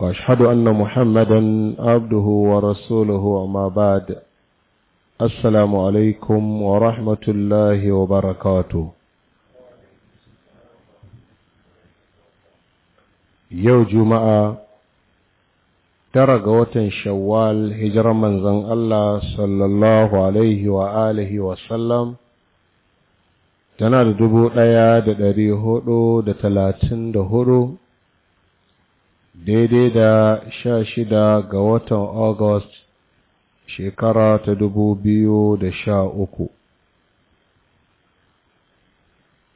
واشهد ان محمدا عبده ورسوله اما بعد السلام عليكم ورحمه الله وبركاته yau juma'a tara ga watan shawwal hijirar manzon Allah sallallahu alaihi wa wa sallam tana da dubu ɗaya da ɗari hudu da talatin da hudu daidai da sha shida ga watan August shekara ta dubu biyu da sha uku.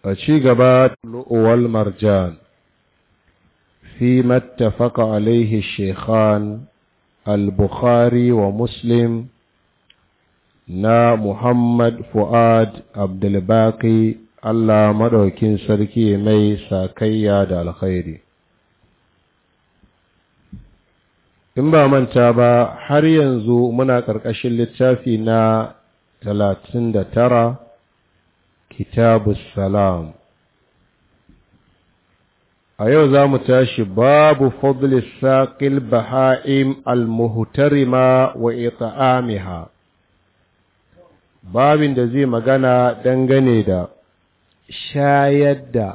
A ci gaba lu'uwal marjan fi mattafaka alaihi shekhan al-Bukhari wa Muslim na Muhammad Fu'ad Abdulbaki Allah maɗaukin sarki mai sakayya da alkhairi. in ba manta ba har yanzu muna ƙarƙashin littafi na talatin da tara kitabu salam a yau za mu tashi babu fadlis saƙil baha'im almuhtarima wa ita'amiha babin da zai magana dangane da shayar da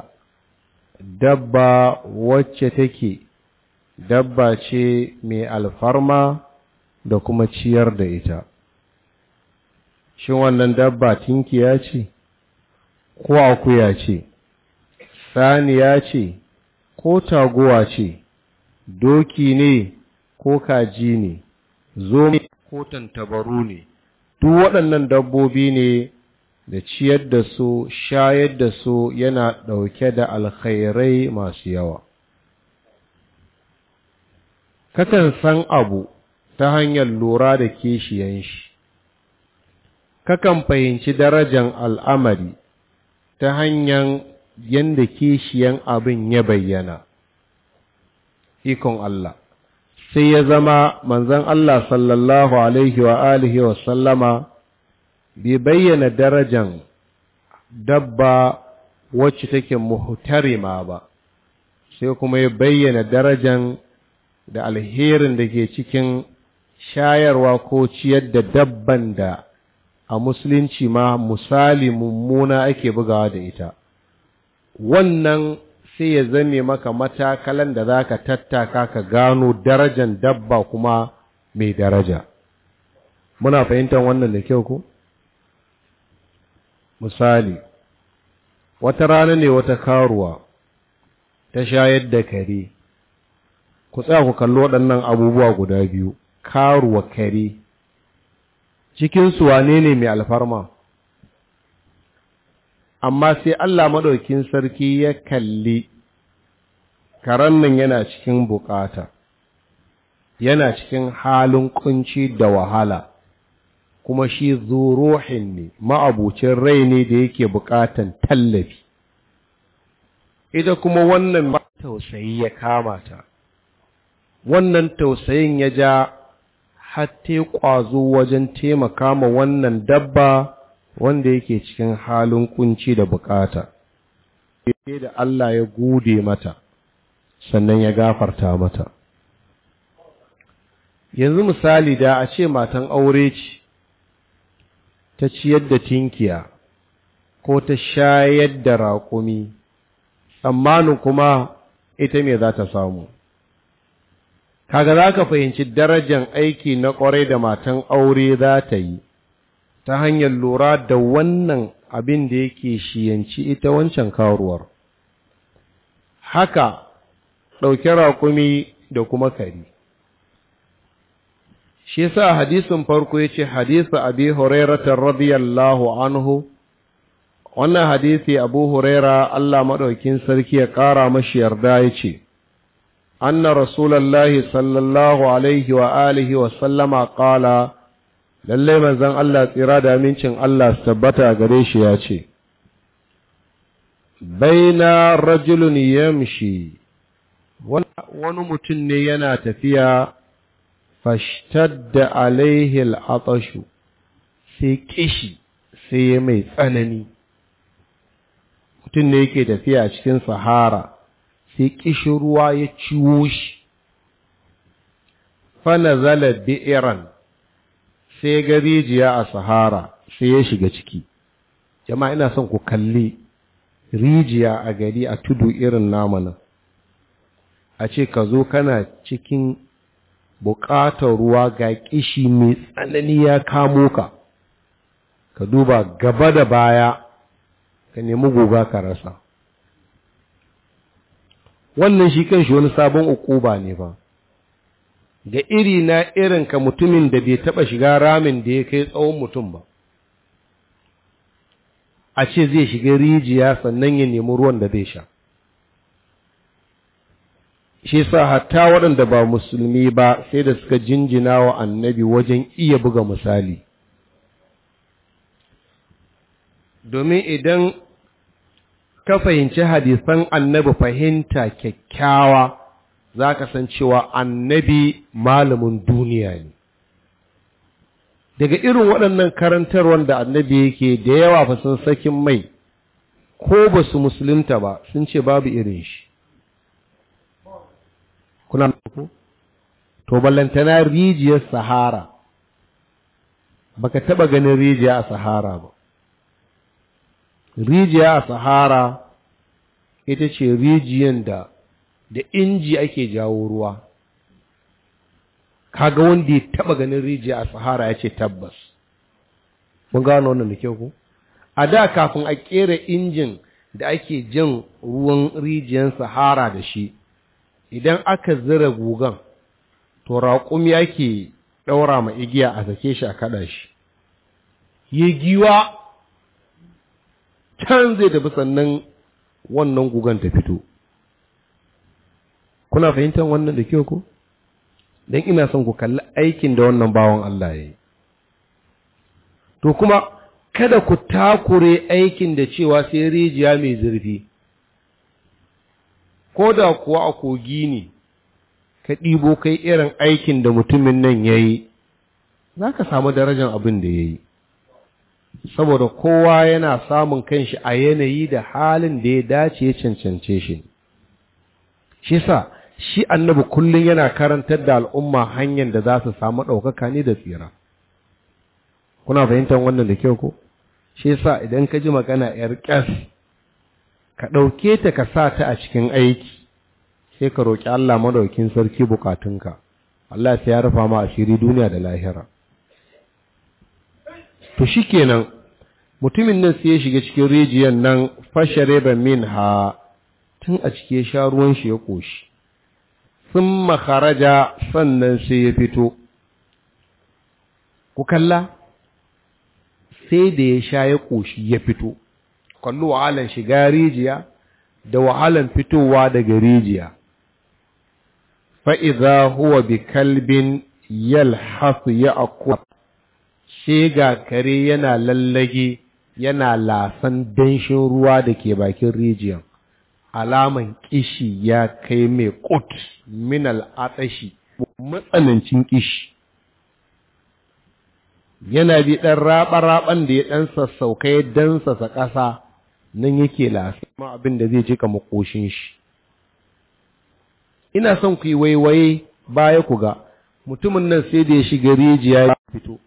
dabba wacce take dabba ce mai alfarma da kuma ciyar da ita shin wannan dabba tinkiya ce ko akuya ce saniya ce ko taguwa ce doki ne ko kaji ne zo ko tantabaru ne duk waɗannan dabbobi ne da ciyar da su shayar da su yana ɗauke da alkhairai masu yawa kakan san abu ta hanyar lura da kishiyan shi kakan fahimci darajan al'amari ta hanyar yadda kishiyan abin ya bayyana ikon Allah sai ya zama manzan Allah sallallahu alaihi wa alihi wa sallama bai bayyana darajan dabba wacce take muhtarima ba sai kuma ya bayyana darajan da alherin da ke cikin shayarwa ko ciyar da dabban da a musulunci ma misali mummuna ake bugawa da ita wannan sai ya zame maka matakalan da za ka tattaka ka gano darajan dabba kuma mai daraja muna fahimtar wannan da kyau ko misali wata rana ne wata karuwa ta shayar da kare ku tsaya ku kalli waɗannan abubuwa guda biyu karuwa kare cikinsu wane ne mai alfarma amma sai Allah maɗaukin sarki ya kalli karen nan yana cikin bukata yana cikin halin kunci da wahala kuma shi zuruhin ne ma'abucin rai ne da yake bukatan tallafi ita kuma wannan ba, tausayi ya kamata. wannan tausayin ya ja hatta ƙwazo wajen taimaka ma wannan dabba wanda yake cikin halin kunci da bukata yake da Allah ya gode mata sannan ya gafarta mata yanzu misali da a ce matan aure ce ta ciyar da tinkiya ko ta shayar da raƙumi tsammanin kuma ita me za ta samu kaga za ka fahimci darajar aiki na ƙwarai da matan aure za ta yi ta hanyar lura da wannan abin da yake shiyanci ita wancan karuwar haka ɗauke raƙumi da kuma kari shi sa hadisin farko ya ce hadisi abi ta radiyallahu anhu wannan hadisi abu huraira allah maɗaukin sarki ya ƙara mashi yarda ya ce أن رسول الله صلى الله عليه وآله lallai manzon Allah tsira da amincin Allah tabbata gare shi ya ce baina rajulun yamshi wani mutum ne yana tafiya fashtadda alaihi al'atashu sai kishi sai mai tsanani mutum ne yake tafiya cikin sahara sai kishin ruwa ya ciwo shi Fana zala bi'iran sai ga rijiya a sahara sai ya shiga ciki jama'a ina son ku kalli rijiya a gari a tudu irin namanin a ce ka zo kana cikin buƙatar ruwa ga ƙishi mai tsanani ya kamo ka ka duba gaba da baya ka nemi goga ka rasa wannan shi kan shi wani sabon ukuba ne ba ga iri na irin ka mutumin da bai taba shiga ramin da ya kai tsawon mutum ba a ce zai shiga rijiya sannan ya nemi ruwan da zai sha shi sa hatta waɗanda ba musulmi ba sai da suka jinjina wa annabi wajen iya buga misali domin idan ka fahimci hadisan annabi fahimta kyakkyawa za ka san cewa annabi malamin duniya ne daga irin waɗannan karantarwar da annabi yake da yawa fa sun sakin mai ko ba su musulunta ba sun ce babu irin shi kuna ku to ballantana rijiyar sahara baka taɓa ganin rijiya a sahara ba rijiya a sahara ita ce rijiyan da da inji ake jawo ruwa Ka ga wanda ya taba ganin rijiya a sahara ya ce tabbas mun gano wannan da kyau ku? a da kafin a ƙera injin da ake jan ruwan rijiyar sahara da shi idan aka zira gugan to raƙumi ke ɗaura ma igiya a sake shi a kaɗa shi yi giwa can zai tafi sannan wannan gugan ta fito kuna fahimtar wannan da kyau ko don ina son ku kalli aikin da wannan bawan Allah ya yi to kuma kada ku takure aikin da cewa sai rijiya mai zurfi ko da kuwa a kogi ne ka ɗibo kai irin aikin da mutumin nan ya yi za ka samu darajar abin da ya yi saboda kowa yana samun kanshi a yanayi da halin da ya dace ya cancance shi shi sa shi annabi kullum yana karantar da al'umma hanyar da za su samu ɗaukaka ne da tsira kuna fahimtar wannan da kyau ko shi sa idan ka ji magana ‘yar ƙas ka ɗauke ta ka sa ta a cikin aiki sai ka roƙi Allah madaukin sarki bukatunka Allah sai ya rufa ma asiri duniya da lahira to kenan mutumin nan sai ya shiga cikin rijiyar nan fashare ba min ha tun a cike sha ruwan shi ya koshi sun makaraja sannan sai ya fito ku kalla sai da ya sha ya koshi ya fito Kwallo wahalan shiga rijiya da wahalan fitowa daga rijiya fa'iza huwa bi kalbin yalhasu ya akwai shi ga kare yana lallage yana lasan danshin ruwa da ke bakin rijiyar alaman kishi ya kai mai kut minal atashi matsanancin kishi yana bi ɗan raɓa-raɓan da ya ɗan sassauka ya dansasa ƙasa nan yake lasa ma abin da zai jika makoshin shi ina son ku yi waiwaye baya ku ga mutumin nan sai da ya shiga rijiya ya fito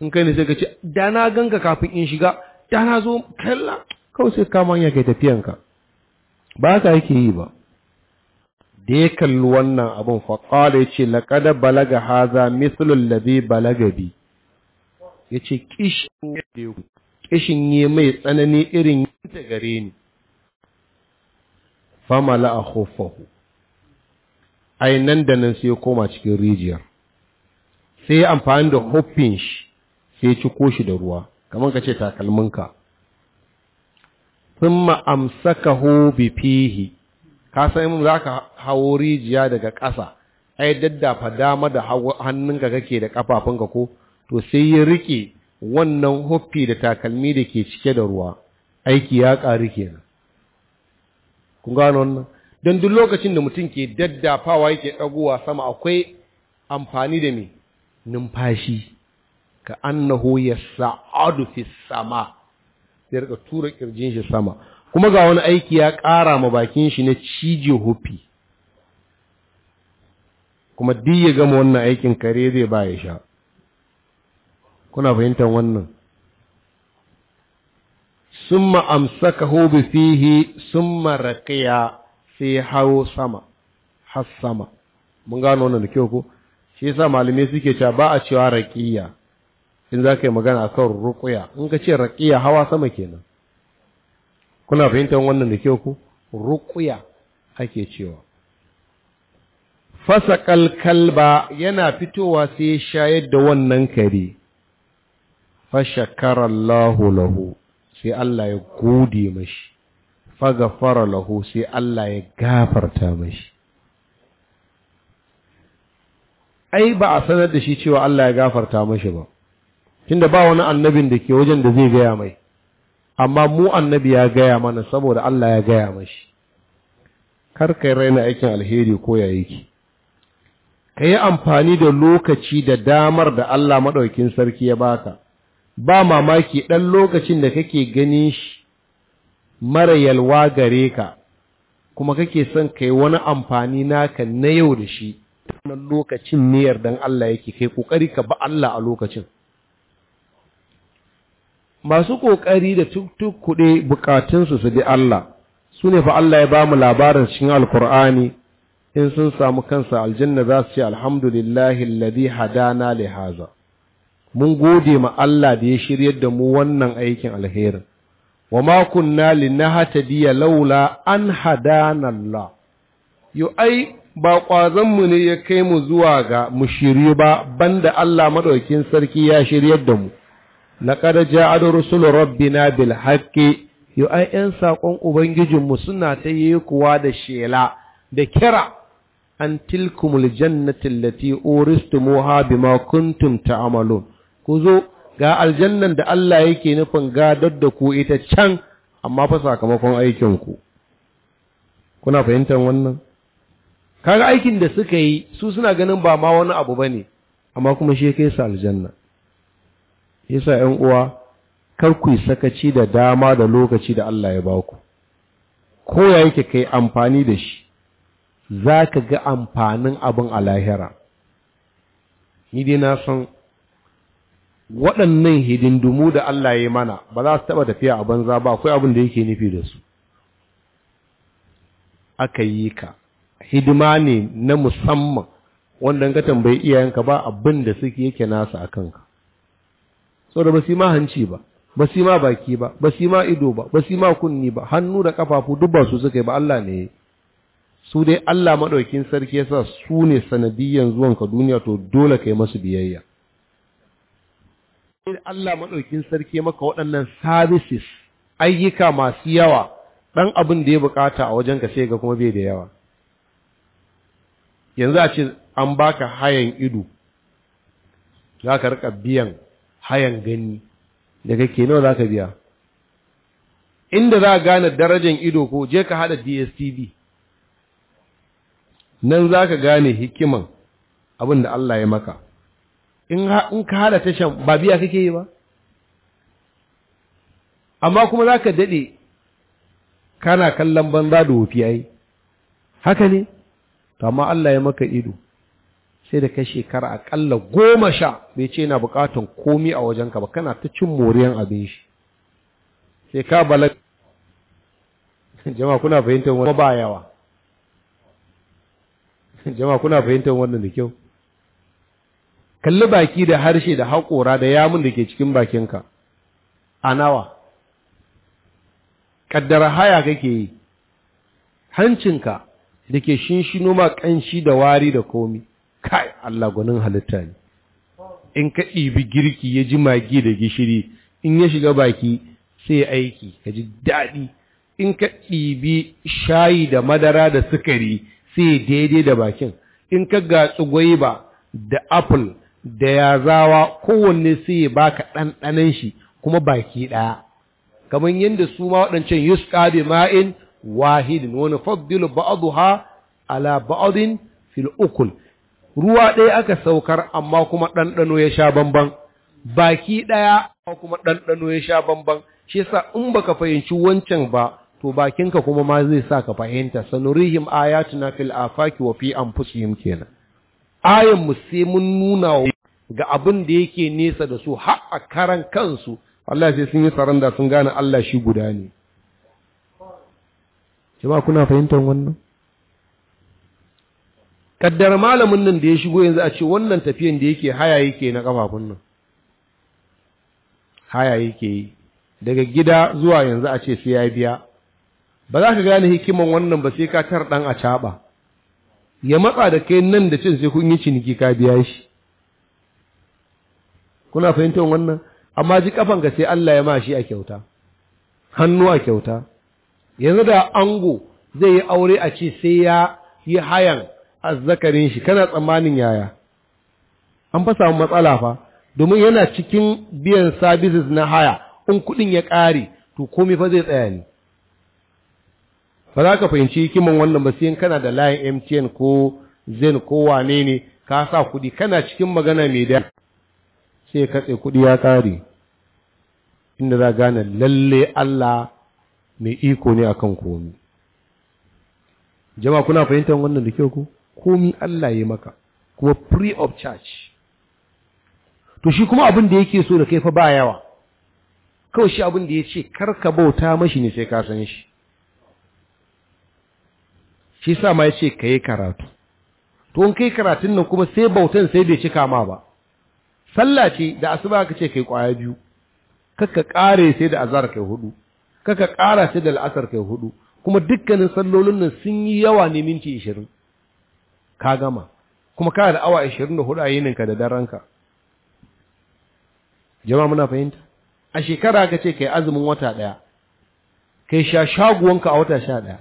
in kai ne sai ka ce da na ganga kafin in shiga da na zo kalla kawai sai kama ya kai tafiyanka ba ka yake yi ba da ya kalli wannan abin faƙala ya ce laƙada balaga haza mislul ladhi balaga bi ya ce kishin yi mai tsanani irin ta gare ni famala a hufahu ai nan da nan sai koma cikin rijiyar sai ya amfani da hufin shi sai ciko shi da ruwa kamar ka ce takalminka thumma amsakahu bi fihi ka san in zaka hawo rijiya daga ƙasa ai daddafa dama da hannunka kake da kafafunka ko to sai ya rike wannan huffi da takalmi da ke cike da ruwa aiki ya ƙari kenan kun gano wannan don duk lokacin da mutum ke daddafawa yake ɗagowa sama akwai amfani da me numfashi ka annahu yas'adu fi sama sai ka tura kirjin shi sama kuma ga wani aiki ya ƙara ma bakin shi na cije hufi kuma duk ya gama wannan aikin kare zai ba ya sha kuna fahimtar wannan summa amsakahu bi fihi summa raqiya fi hawo sama har sama mun gano wannan da kyau ko shi yasa malume suke cewa ba a cewa raqiya in za ka yi magana a kan ruƙuya in ka ce raƙiya hawa sama kenan kuna fahimtar wannan da kyau ku ruƙuya ake cewa Fasa kalba yana fitowa sai shayar da wannan kare fashakarallahu lahu sai Allah ya gode mashi fagafara lahu sai Allah ya gafarta mashi ai ba a sanar da shi cewa Allah ya gafarta mashi ba tunda ba wani annabin da ke wajen da zai gaya mai amma mu annabi ya gaya mana saboda Allah ya gaya mashi kar kai raina aikin alheri ko ya yake ka yi amfani da lokaci da damar da Allah maɗaukin sarki ya baka ba mamaki ɗan lokacin da kake gani shi mara yalwa gare ka kuma kake son kai wani amfani naka na yau da shi wannan lokacin ne yardan Allah yake kai kokari ka ba Allah a lokacin masu ƙoƙari da tukkuɗe bukatunsu su ji Allah su ne fa Allah ya ba mu labarin cikin alkur'ani in sun samu kansa aljanna za su ce alhamdulillahi alladhi hadana li haza mun gode ma Allah da ya shiryar da mu wannan aikin alherin wa ma kunna linahtadiya laula an hadana Allah yo ai ba mu ne ya kai mu zuwa ga mu shiryu ba banda Allah madaukin sarki ya shiryar da mu laqad ja'alu rusulu rabbina bil haqqi yo ai yan saƙon ubangijinmu suna ta yi kuwa da shela da kira an tilkumul jannati allati uristumuha bima kuntum ta'malun ku zo ga aljannan da Allah yake nufin gadar da ku ita can amma fa sakamakon aikin kuna fahimtar wannan kaga aikin da suka yi su suna ganin ba ma wani abu bane amma kuma shi kai su aljanna yasa 'yan uwa kar ku yi sakaci da dama da lokaci da Allah ya baku ko ya yake kai amfani da shi za ka ga amfanin abin a lahira ni dai na san waɗannan hidindumu da Allah ya yi mana ba za su taɓa tafiya a banza ba akwai abin da yake nufi da su aka yi ka hidima ne na musamman wanda ka tambayi iyayenka ba abin da suke yake nasa a kanka saboda ba su ma hanci ba ba su ma baki ba ba su ma ido ba ba su ma kunni ba hannu da kafafu duk ba su suka yi ba Allah ne su dai Allah madaukin sarki yasa su ne sanadiyan zuwan ka duniya to dole kai masu biyayya Allah madaukin sarki maka waɗannan services ayyuka masu yawa dan abin da ya bukata a wajen ka sai ga kuma bai da yawa yanzu a ce an baka hayan ido za ka rika biyan hayan gani da kake nawa za ka biya inda za a gane darajan ido ko je ka hada dstv nan za ka gane hikiman abin da Allah ya maka in ka hada tashan ba biya kake yi ba amma kuma za ka daɗe kana kallon banza da wofi haka ne amma Allah ya maka ido sai da kai shekara akalla goma sha bai ce yana bukatan komi a wajenka ba kana ta cin moriyan abin shi sai ka bala jama'a kuna fahimtar wannan ba yawa jama'a kuna fahimtar wannan da kyau kalli baki da harshe da haƙora da yamun da ke cikin bakinka a nawa ƙaddara haya kake yi hancinka da ke shinshino ma ƙanshi da wari da komi kai Allah gwanin halitta ne in ka ɗibi girki ya ji magi da gishiri in ya shiga baki sai aiki ka ji daɗi in ka ɗibi shayi da madara da sukari sai daidai da bakin in ka gatsu gwaiba da apple da yazawa kowanne sai ya baka ɗanɗanan shi kuma baki ɗaya kamar yadda su ma waɗancan yusƙa bi ma'in wahidin wani faddilu ba'daha ala ba'adin fil ukul ruwa ɗaya aka saukar amma kuma ɗanɗano ya sha bamban baki ɗaya amma kuma ɗanɗano ya sha bamban shi yasa in baka fahimci wancan ba to bakinka kuma ma zai sa ka fahimta sanurihim ayatuna fil afaki wa fi anfusihim kenan ayan mu sai mun nuna ga abin da yake nesa da su har a karan kansu Allah sai sun yi saranda sun gane Allah shi guda ne jama'a kuna fahimtar wannan kaddar malamin nan da ya shigo yanzu a ce wannan tafiyan da yake haya yake na kafafun nan haya yake yi daga gida zuwa yanzu a ce sai ya biya ba za ka gane hikiman wannan ba sai ka tar dan a caba ya matsa da kai nan da cin sai kun yi ciniki ka biya shi kuna fahimtar wannan amma ji kafan ka sai Allah ya ma shi a kyauta hannu a kyauta yanzu da ango zai yi aure a ce sai ya yi hayan azzakarin shi kana tsammanin yaya an fa samu matsala fa domin yana cikin biyan services na haya in kuɗin ya ƙare to komai fa zai tsaya ne ba za ka fahimci hikiman wannan ba sai kana da layin MTN ko Zen ko wane ne ka sa kuɗi kana cikin magana mai da sai ka katse kuɗi ya ƙare inda za gane lalle Allah mai iko ne akan komai jama'a kuna fahimtar wannan da kyau ko komi Allah ya maka kuma free of charge to shi kuma abin da yake so da kai fa ba yawa kawai shi abin da ya ce kar ka bauta mashi ne sai ka san shi shi sa ma ya ce ka yi karatu to in kai karatun nan kuma sai bautan sai bai cika ma ba sallah ce da asuba ka ce kai kwaya biyu kaka kare sai da azhar kai hudu kaka kara sai da al'asar kai hudu kuma dukkanin sallolin nan sun yi yawa ne minti 20 ka gama kuma kana da awa 24 a yininka da daranka jama'a muna fahimta a shekara ka ce kai azumin wata daya kai sha shaguwanka a wata sha daya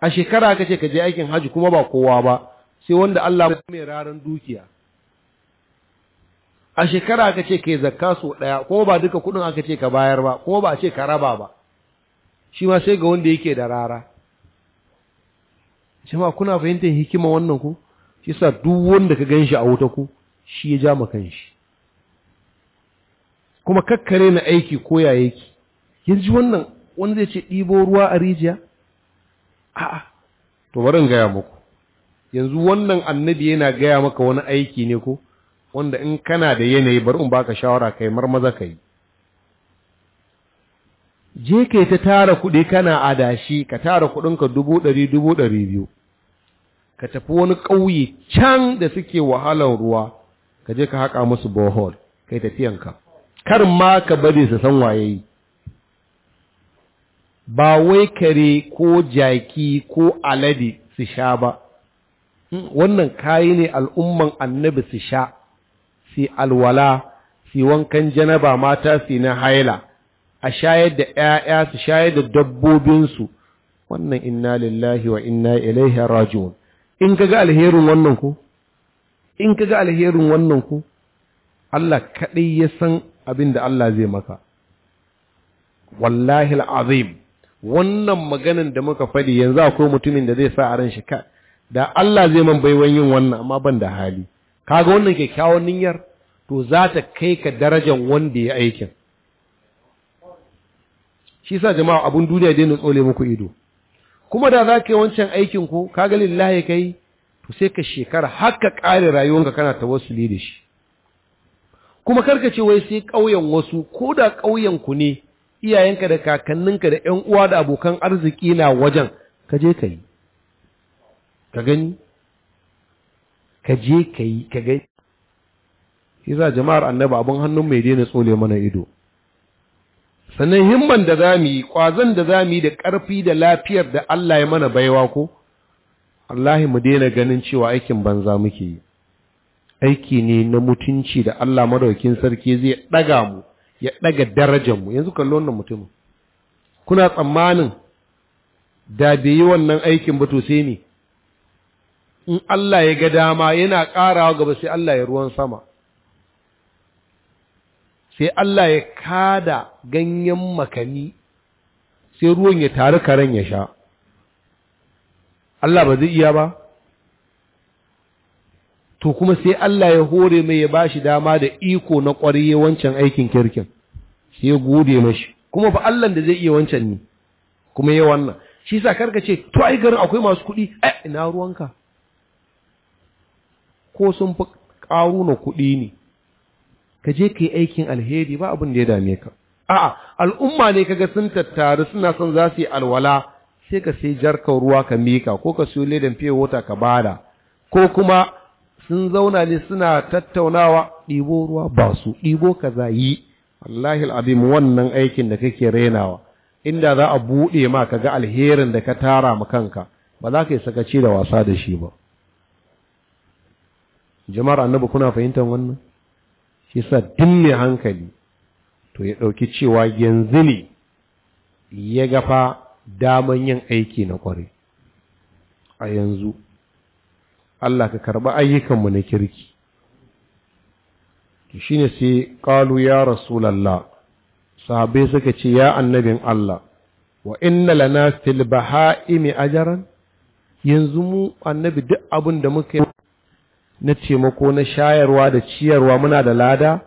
a shekara ka ce ka je aikin haji kuma ba kowa ba sai wanda Allah ya mai raran dukiya a shekara ka ce kai zakka so daya kuma ba duka kudin aka ce ka bayar ba kuma ba a ce ka raba ba shi ma sai ga wanda yake da rara jama'a kuna fahimtar hikima wannan ku shi sa duk wanda ka gan shi a wuta ku shi ya ja ma kanshi kuma kakkare na aiki ko ya yake yanzu wannan wani zai ce ɗibo ruwa a rijiya a'a to bari gaya muku yanzu wannan annabi yana gaya maka wani aiki ne ko wanda in kana da yanayi bari in baka shawara kai ka yi. je kai ta tara kuɗi kana adashi ka tara kuɗinka dubu ɗari dubu ɗari biyu ka tafi wani ƙauye can da suke wahalar ruwa ka je ka haƙa musu bohol kai tafiyanka kar ma ka bari su san waye yi ba wai kare ko jaki ko alade su sha ba hmm, wannan kayi ne al'umman annabi su sha si alwala si wankan janaba mata si na haila a shayar da ‘ya'ya su shayar da dabbobinsu wannan inna lillahi wa inna ilaihi raji'un in ka ga alherin wannan ku in ka ga alherin wannan ku Allah kaɗai ya san abin da Allah zai maka wallahi al'azim wannan maganin da muka faɗi yanzu akwai mutumin da zai sa a ran shi ka da Allah zai man baiwan yin wannan amma ban da hali kaga wannan kyakkyawan niyyar to za ta kai ka darajar wanda ya aikin shi sa jama'a abun duniya dai na tsole muku ido kuma da za ka yi wancan aikin ko ka ga lillahi kai to sai ka shekara haka ƙare rayuwanka kana tawassuli da shi kuma kar ka ce wai sai ƙauyen wasu ko da ƙauyen ku ne iyayenka da kakanninka da ƴan uwa da abokan arziki na wajen ka je ka yi ka gani ka je ka yi ka gani shi sa jama'ar annabi abun hannun mai daina tsole mana ido sannan himman da za mu yi ƙwazon da za mu yi da ƙarfi da lafiyar da Allah ya mana baiwa ko Allahi mu daina ganin cewa aikin banza muke yi aiki ne na mutunci da Allah madaukin sarki zai ɗaga mu ya ɗaga darajar mu yanzu kallon nan mutumin kuna tsammanin da bai yi wannan aikin ba to sai ne in Allah ya ga dama yana ƙarawa gaba sai Allah ya ruwan sama sai Allah ya kada ganyen makami, sai ruwan ya taru karen ya sha Allah ba zai iya ba to kuma sai Allah ya hore mai ya bashi dama da iko na ƙwariye wancan aikin kirkin sai ya gode mashi kuma ba Allah da zai iya wancan ne kuma ya wannan shi sa karka ce to ai garin akwai masu kuɗi a eh, ina ruwanka ko sun fi ƙaru na kuɗi ne ka je ka yi aikin alheri ba abin da ya dame ka a'a al'umma ne kaga sun tattaru suna son za su yi alwala sai ka sai jarkar ruwa ka mika ko ka siyo ledan fiye wata ka bada ko kuma sun zauna ne suna tattaunawa ɗibo ruwa ba su ɗibo kaza yi wallahi al'azim wannan aikin da kake rainawa, inda za a buɗe ma ka ga alherin da ka tara ma kanka ba za ka yi sakaci da wasa da shi ba jama'ar annabi kuna fahimtar wannan shi sa dinne hankali to ya ɗauki cewa yanzu ne ya gafa daman yin aiki na ƙware a yanzu Allah ka karɓi ayyukanmu na kirki to ne sai ƙalu ya rasulallah sahabai suka ce ya annabin Allah wa inna lana fil baha'imi ajaran yanzu mu annabi duk abin da muka na taimako na shayarwa da ciyarwa muna da lada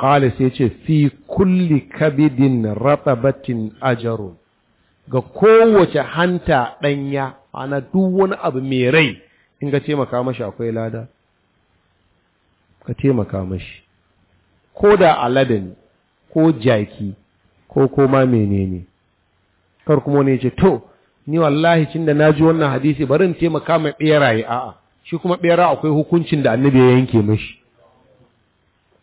qala sai ce fi kulli kabidin ratabatin ajarun ga kowace hanta ɗanya ana duk wani abu mai rai in ga taimaka mashi akwai lada ka taimaka mashi ko da aladin, ko jaki ko koma menene kar kuma ne ce to ni wallahi cin da na ji wannan hadisi bari in taimaka mai ɓeraye. a'a shi kuma bera akwai hukuncin da annabi ya yanke mashi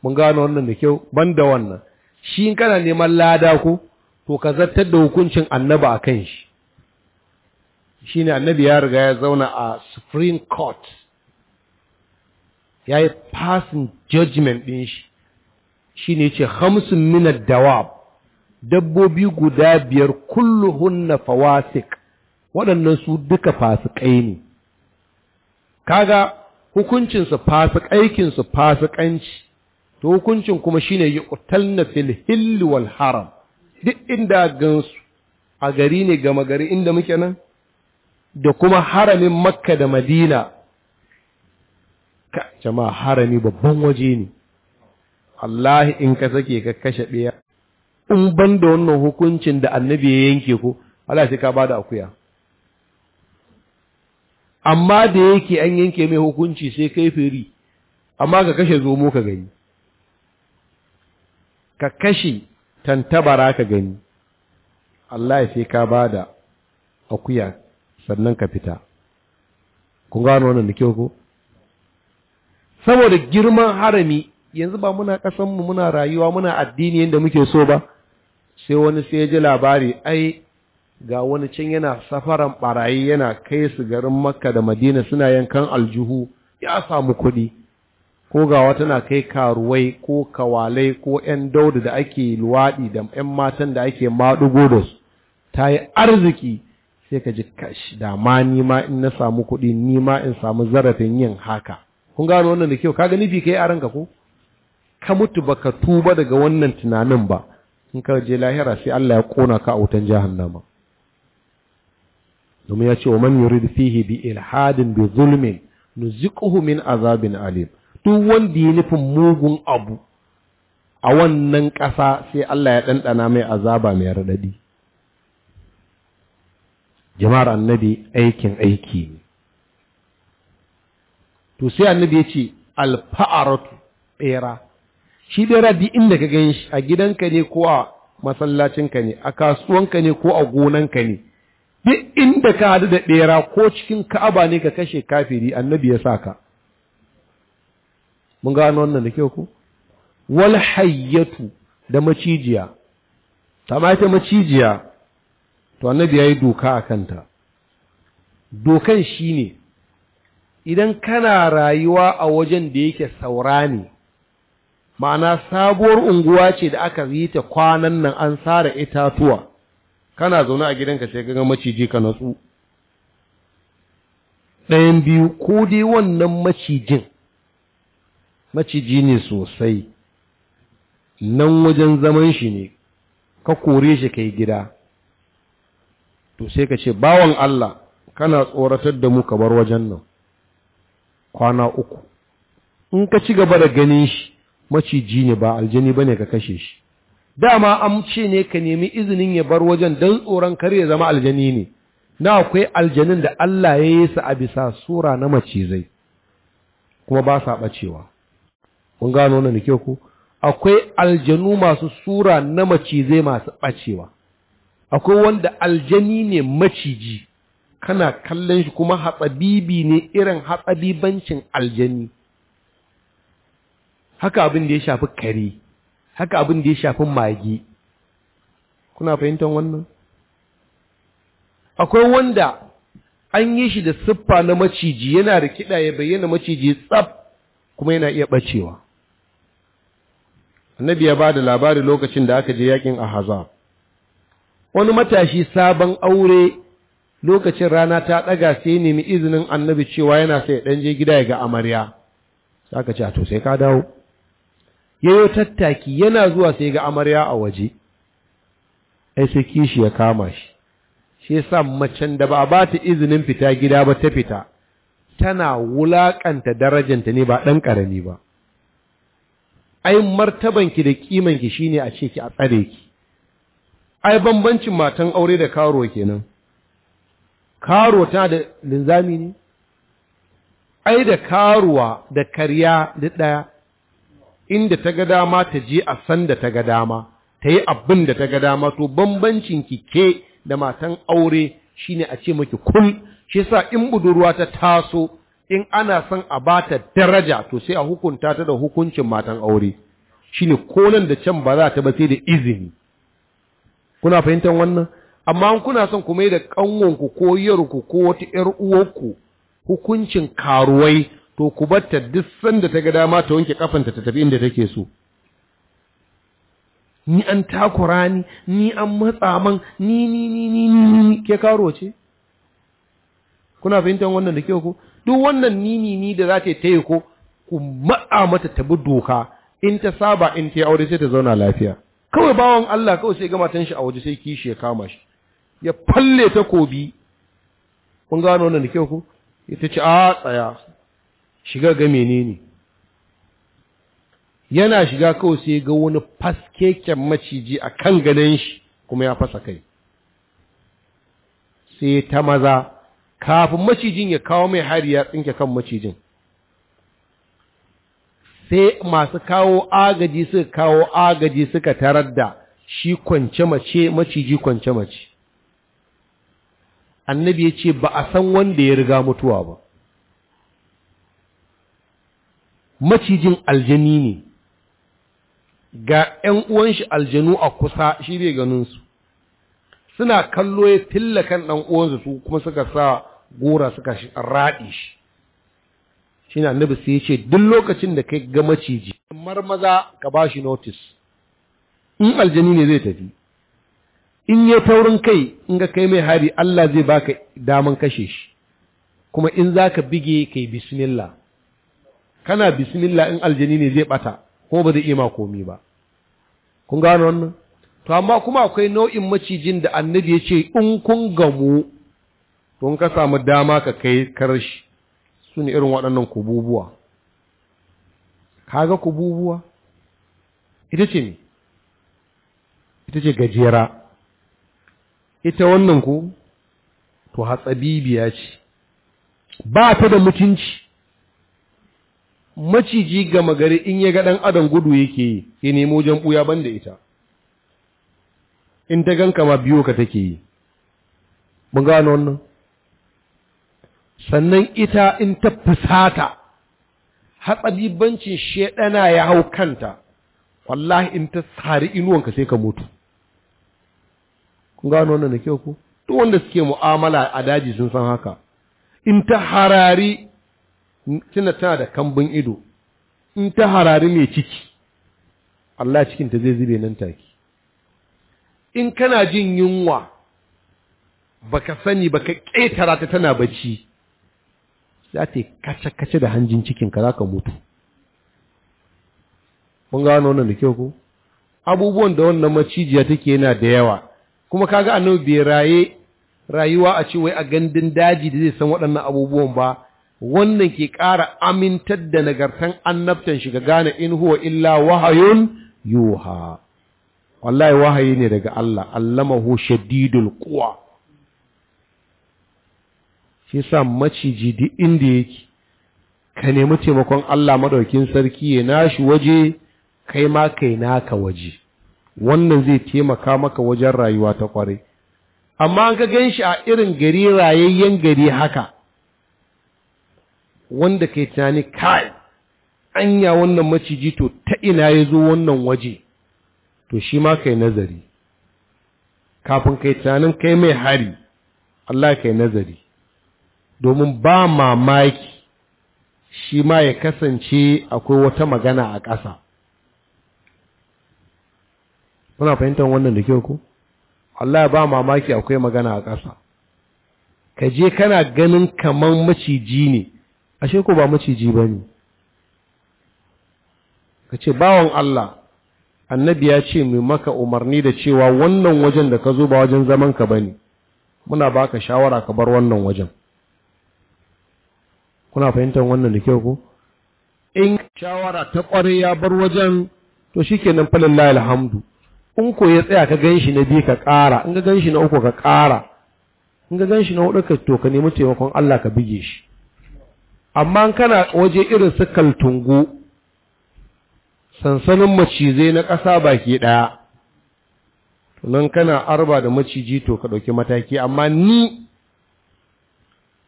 mun gano wannan da kyau ban da wannan shi in kana neman lada ko to ka zartar da hukuncin annabi a kan shi ne annabi ya riga ya zauna a supreme court ya yi passing judgment ɗin shi shi ne ce hamsin minar dawab dabbobi guda biyar hunna fawasik waɗannan su duka fasikai ne kaga hukuncin su fasik aikin su fasikanci to hukuncin kuma shine yuqtalna fil hill wal haram duk inda gansu a gari ne gama gari inda muke nan da kuma haramin makka da madina ka jama'a harami babban waje ne Allah in ka sake ka kashe ɗaya in ban da wannan hukuncin da annabi ya yanke ko Allah sai ka bada akuya amma da yake an yanke mai hukunci sai kai firi amma ka kashe zomo ka gani ka kashe tantabara ka gani Allah sai ka ba da akuya sannan ka fita kun gano wannan da kyau ko saboda girman harami yanzu ba muna kasan mu muna rayuwa muna addini yadda muke so ba sai wani sai ya ji labari ai ga wani can yana safaran barayi yana kai su garin makka da madina suna yankan aljihu ya samu kuɗi ko ga wata na kai karuwai ko kawalai ko 'yan daudu da ake luwaɗi da 'yan matan da ake maɗugo da su ta yi arziki sai ka ji kashi da ma ni ma in na samu kuɗi ni ma in samu zarafin yin haka kun gano wannan da kyau ka gani fi kai a ranka ko ka mutu baka tuba daga wannan tunanin ba in ka je lahira sai Allah ya kona ka a wutan nama. domin ya ce wa man yurid fihi bi ilhadin bi zulmin nuziquhu min azabin alim duk wanda ya nufin mugun abu a wannan ƙasa sai Allah ya ɗanɗana mai azaba mai raɗaɗi jama'ar annabi aikin aiki ne to sai annabi ya ce alfa'aratu ɓera shi ɓera duk inda ka gan shi a gidanka ne ko a masallacinka ne a kasuwanka ne ko a gonanka ne duk inda ka hadu da ɗera ko cikin ka'aba ne ka kashe kafiri annabi ya sa ka mun gano wannan da kyau ko wal hayyatu da macijiya ta ma macijiya to annabi ya yi doka a kanta dokan shine idan kana rayuwa a wajen da yake saura ne ma'ana sabuwar unguwa ce da aka yi ta kwanan nan an sare itatuwa kana zaune a gidanka sai ka ga maciji ka natsu ɗayan biyu ko dai wannan macijin maciji ne sosai nan wajen zaman shi ne ka kore shi kai gida to sai ka ce bawan Allah kana tsoratar da mu ka bar wajen nan kwana uku in ka ci gaba da ganin shi maciji ne ba aljini bane ka kashe shi dama an ce ne ka nemi izinin ya bar wajen don tsoron kar ya zama aljani ne na akwai aljanin da Allah ya yi su a bisa sura na macizai kuma ba sa ɓacewa kun gano na da ku akwai aljanu masu sura na macizai masu ɓacewa akwai wanda aljani ne maciji kana kallon shi kuma hatsabibi ne irin hatsabibancin aljani haka abin da ya shafi kare haka abin da ya shafi magi kuna fahimtar wannan akwai wanda an yi shi da siffa na maciji yana da kiɗa ya bayyana maciji tsaf kuma yana iya ɓacewa annabi ya ba da labari lokacin da aka je yakin haza wani matashi sabon aure lokacin rana ta ɗaga sai nemi izinin annabi cewa yana sai ya ɗan je gida ya ga amarya sai aka ce to sai ka dawo yi tattaki yana zuwa sai ga amarya a waje ai sai kishi ya kama shi shi yasa macen da ba a ba ta izinin fita gida ba ta fita tana wulaƙanta darajanta ne ba ɗan ƙarami ba ai martabanki da kimanki shine a ce ki a tsare ki ai bambancin matan aure da karo kenan karo tana da linzami ne ai da karuwa da karya duk ɗaya. inda ta ga dama ta je a san da ta ga dama ta yi abin da ta ga dama to bambancin ki ke da matan aure shine a ce maki kul shi yasa in budurwa ta taso in ana son a bata daraja to sai a hukunta ta da hukuncin matan aure shine ko nan da can ba za ta ba sai da izini kuna fahimtar wannan amma in kuna son ku mai da kanwanku ko yarku ko wata ƴar uwarku hukuncin karuwai to ku batta duk sanda ta ga dama ta wanke kafanta ta tafi inda take so ni an takura ni ni an matsa man ni ni ni ni ni ke karo ce kuna fahimtar wannan da ke ko duk wannan ni ni ni da za ta ko ku matsa mata ta bi doka in ta saba in ta aure sai ta zauna lafiya kawai bawan Allah kawai sai ga matan shi a waje sai kishi ya kama shi ya falle takobi kun gano wannan da kyau ko ita ce a ah, tsaya shiga ga menene yana shiga kawai sai ga wani faskeken maciji a kan gadon shi kuma ya fasa kai sai ta maza kafin macijin ya kawo mai hari ya tsinke kan macijin sai masu kawo agaji suka kawo agaji suka tarar da shi kwance mace maciji kwance mace annabi ya ce ba a san wanda ya riga mutuwa ba macijin aljani ne ga ‘yan uwan shi aljanu a kusa shi bai ganin suna kallo ya tilla kan ɗan uwansu su kuma suka sa gora suka raɗi shi shi na nabi sai ce duk lokacin da kai ga maciji maza ka ba shi notice in aljani ne zai tafi in ya taurin kai in ga kai mai hari Allah zai baka daman kashe shi kuma in zaka bige kai bismillah kana bismillah in aljini ne zai bata ko ba zai iya ma komi ba kun gano wannan to amma kuma akwai nau'in macijin da annabi ya ce in kun gamu to in ka samu dama ka kai karshe su ne irin waɗannan kububuwa kaga kububuwa ita ce ne ita ce gajera ita wannan ku? to hatsabibiya ce ba ta da mutunci maciji gama gari in ya ga ɗan adam gudu yake yi ya nemo wajen ɓuya ban da ita in ta ganka ma biyo ka take yi mun gano wannan sannan ita in ta fusata hatsabibancin shaɗana ya hau kanta wallahi in ta inuwan inuwanka sai ka mutu kun gano wannan da kyau ko duk wanda suke mu'amala a daji sun san haka in ta harari tuna tana da kambun ido in ta harari mai ciki Allah cikinta zai zube nan take in kana jin yunwa baka sani baka ƙetara ta tana bacci za ta kace-kace da hanjin cikinka za ka mutu mun gano wannan da kyau ko abubuwan da wannan macijiya take yana da yawa kuma kaga annabi bai raye rayuwa a ce wai a gandun daji da zai san waɗannan abubuwan ba wannan ke ƙara amintar da nagartan annabtan shi ga gane in huwa illa wahayun yuha wallahi wahayi ne daga Allah allamahu shadidul quwa shi sa maciji duk inda yake ka nemi taimakon Allah madaukin sarki ya nashi waje kai ma kai naka waje wannan zai taimaka maka wajen rayuwa ta kware amma an ka ganshi a irin gari rayayyen gari haka wanda kai tunani kai anya wannan maciji to ta ina ya zo wannan waje to shi ma kai nazari kafin kai tunanin kai mai hari Allah kai nazari domin ba mamaki shi ma ya kasance akwai wata magana a ƙasa kuna fahimtar wannan da kyau ko Allah ba mamaki akwai magana a ƙasa ka je kana ganin kaman maciji ne ashe ko ba maciji ba ne ka ce bawan Allah annabi ya ce mai maka umarni da cewa wannan wajen da ka zo ba wajen zaman ka ba ne muna baka shawara ka bar wannan wajen kuna fahimtar wannan da kyau ko in shawara ta kware ya bar wajen to shi shikenan falillahi alhamdu in ko ya tsaya ka ganshi na biyu ka ƙara in gan ganshi na uku ka ƙara in gan ganshi na hudu ka to ka nemi taimakon Allah ka bige shi amma kana waje irin su kaltungu sansanin macizai na ƙasa baki ɗaya tunan kana arba da maciji to ka ɗauki mataki amma ni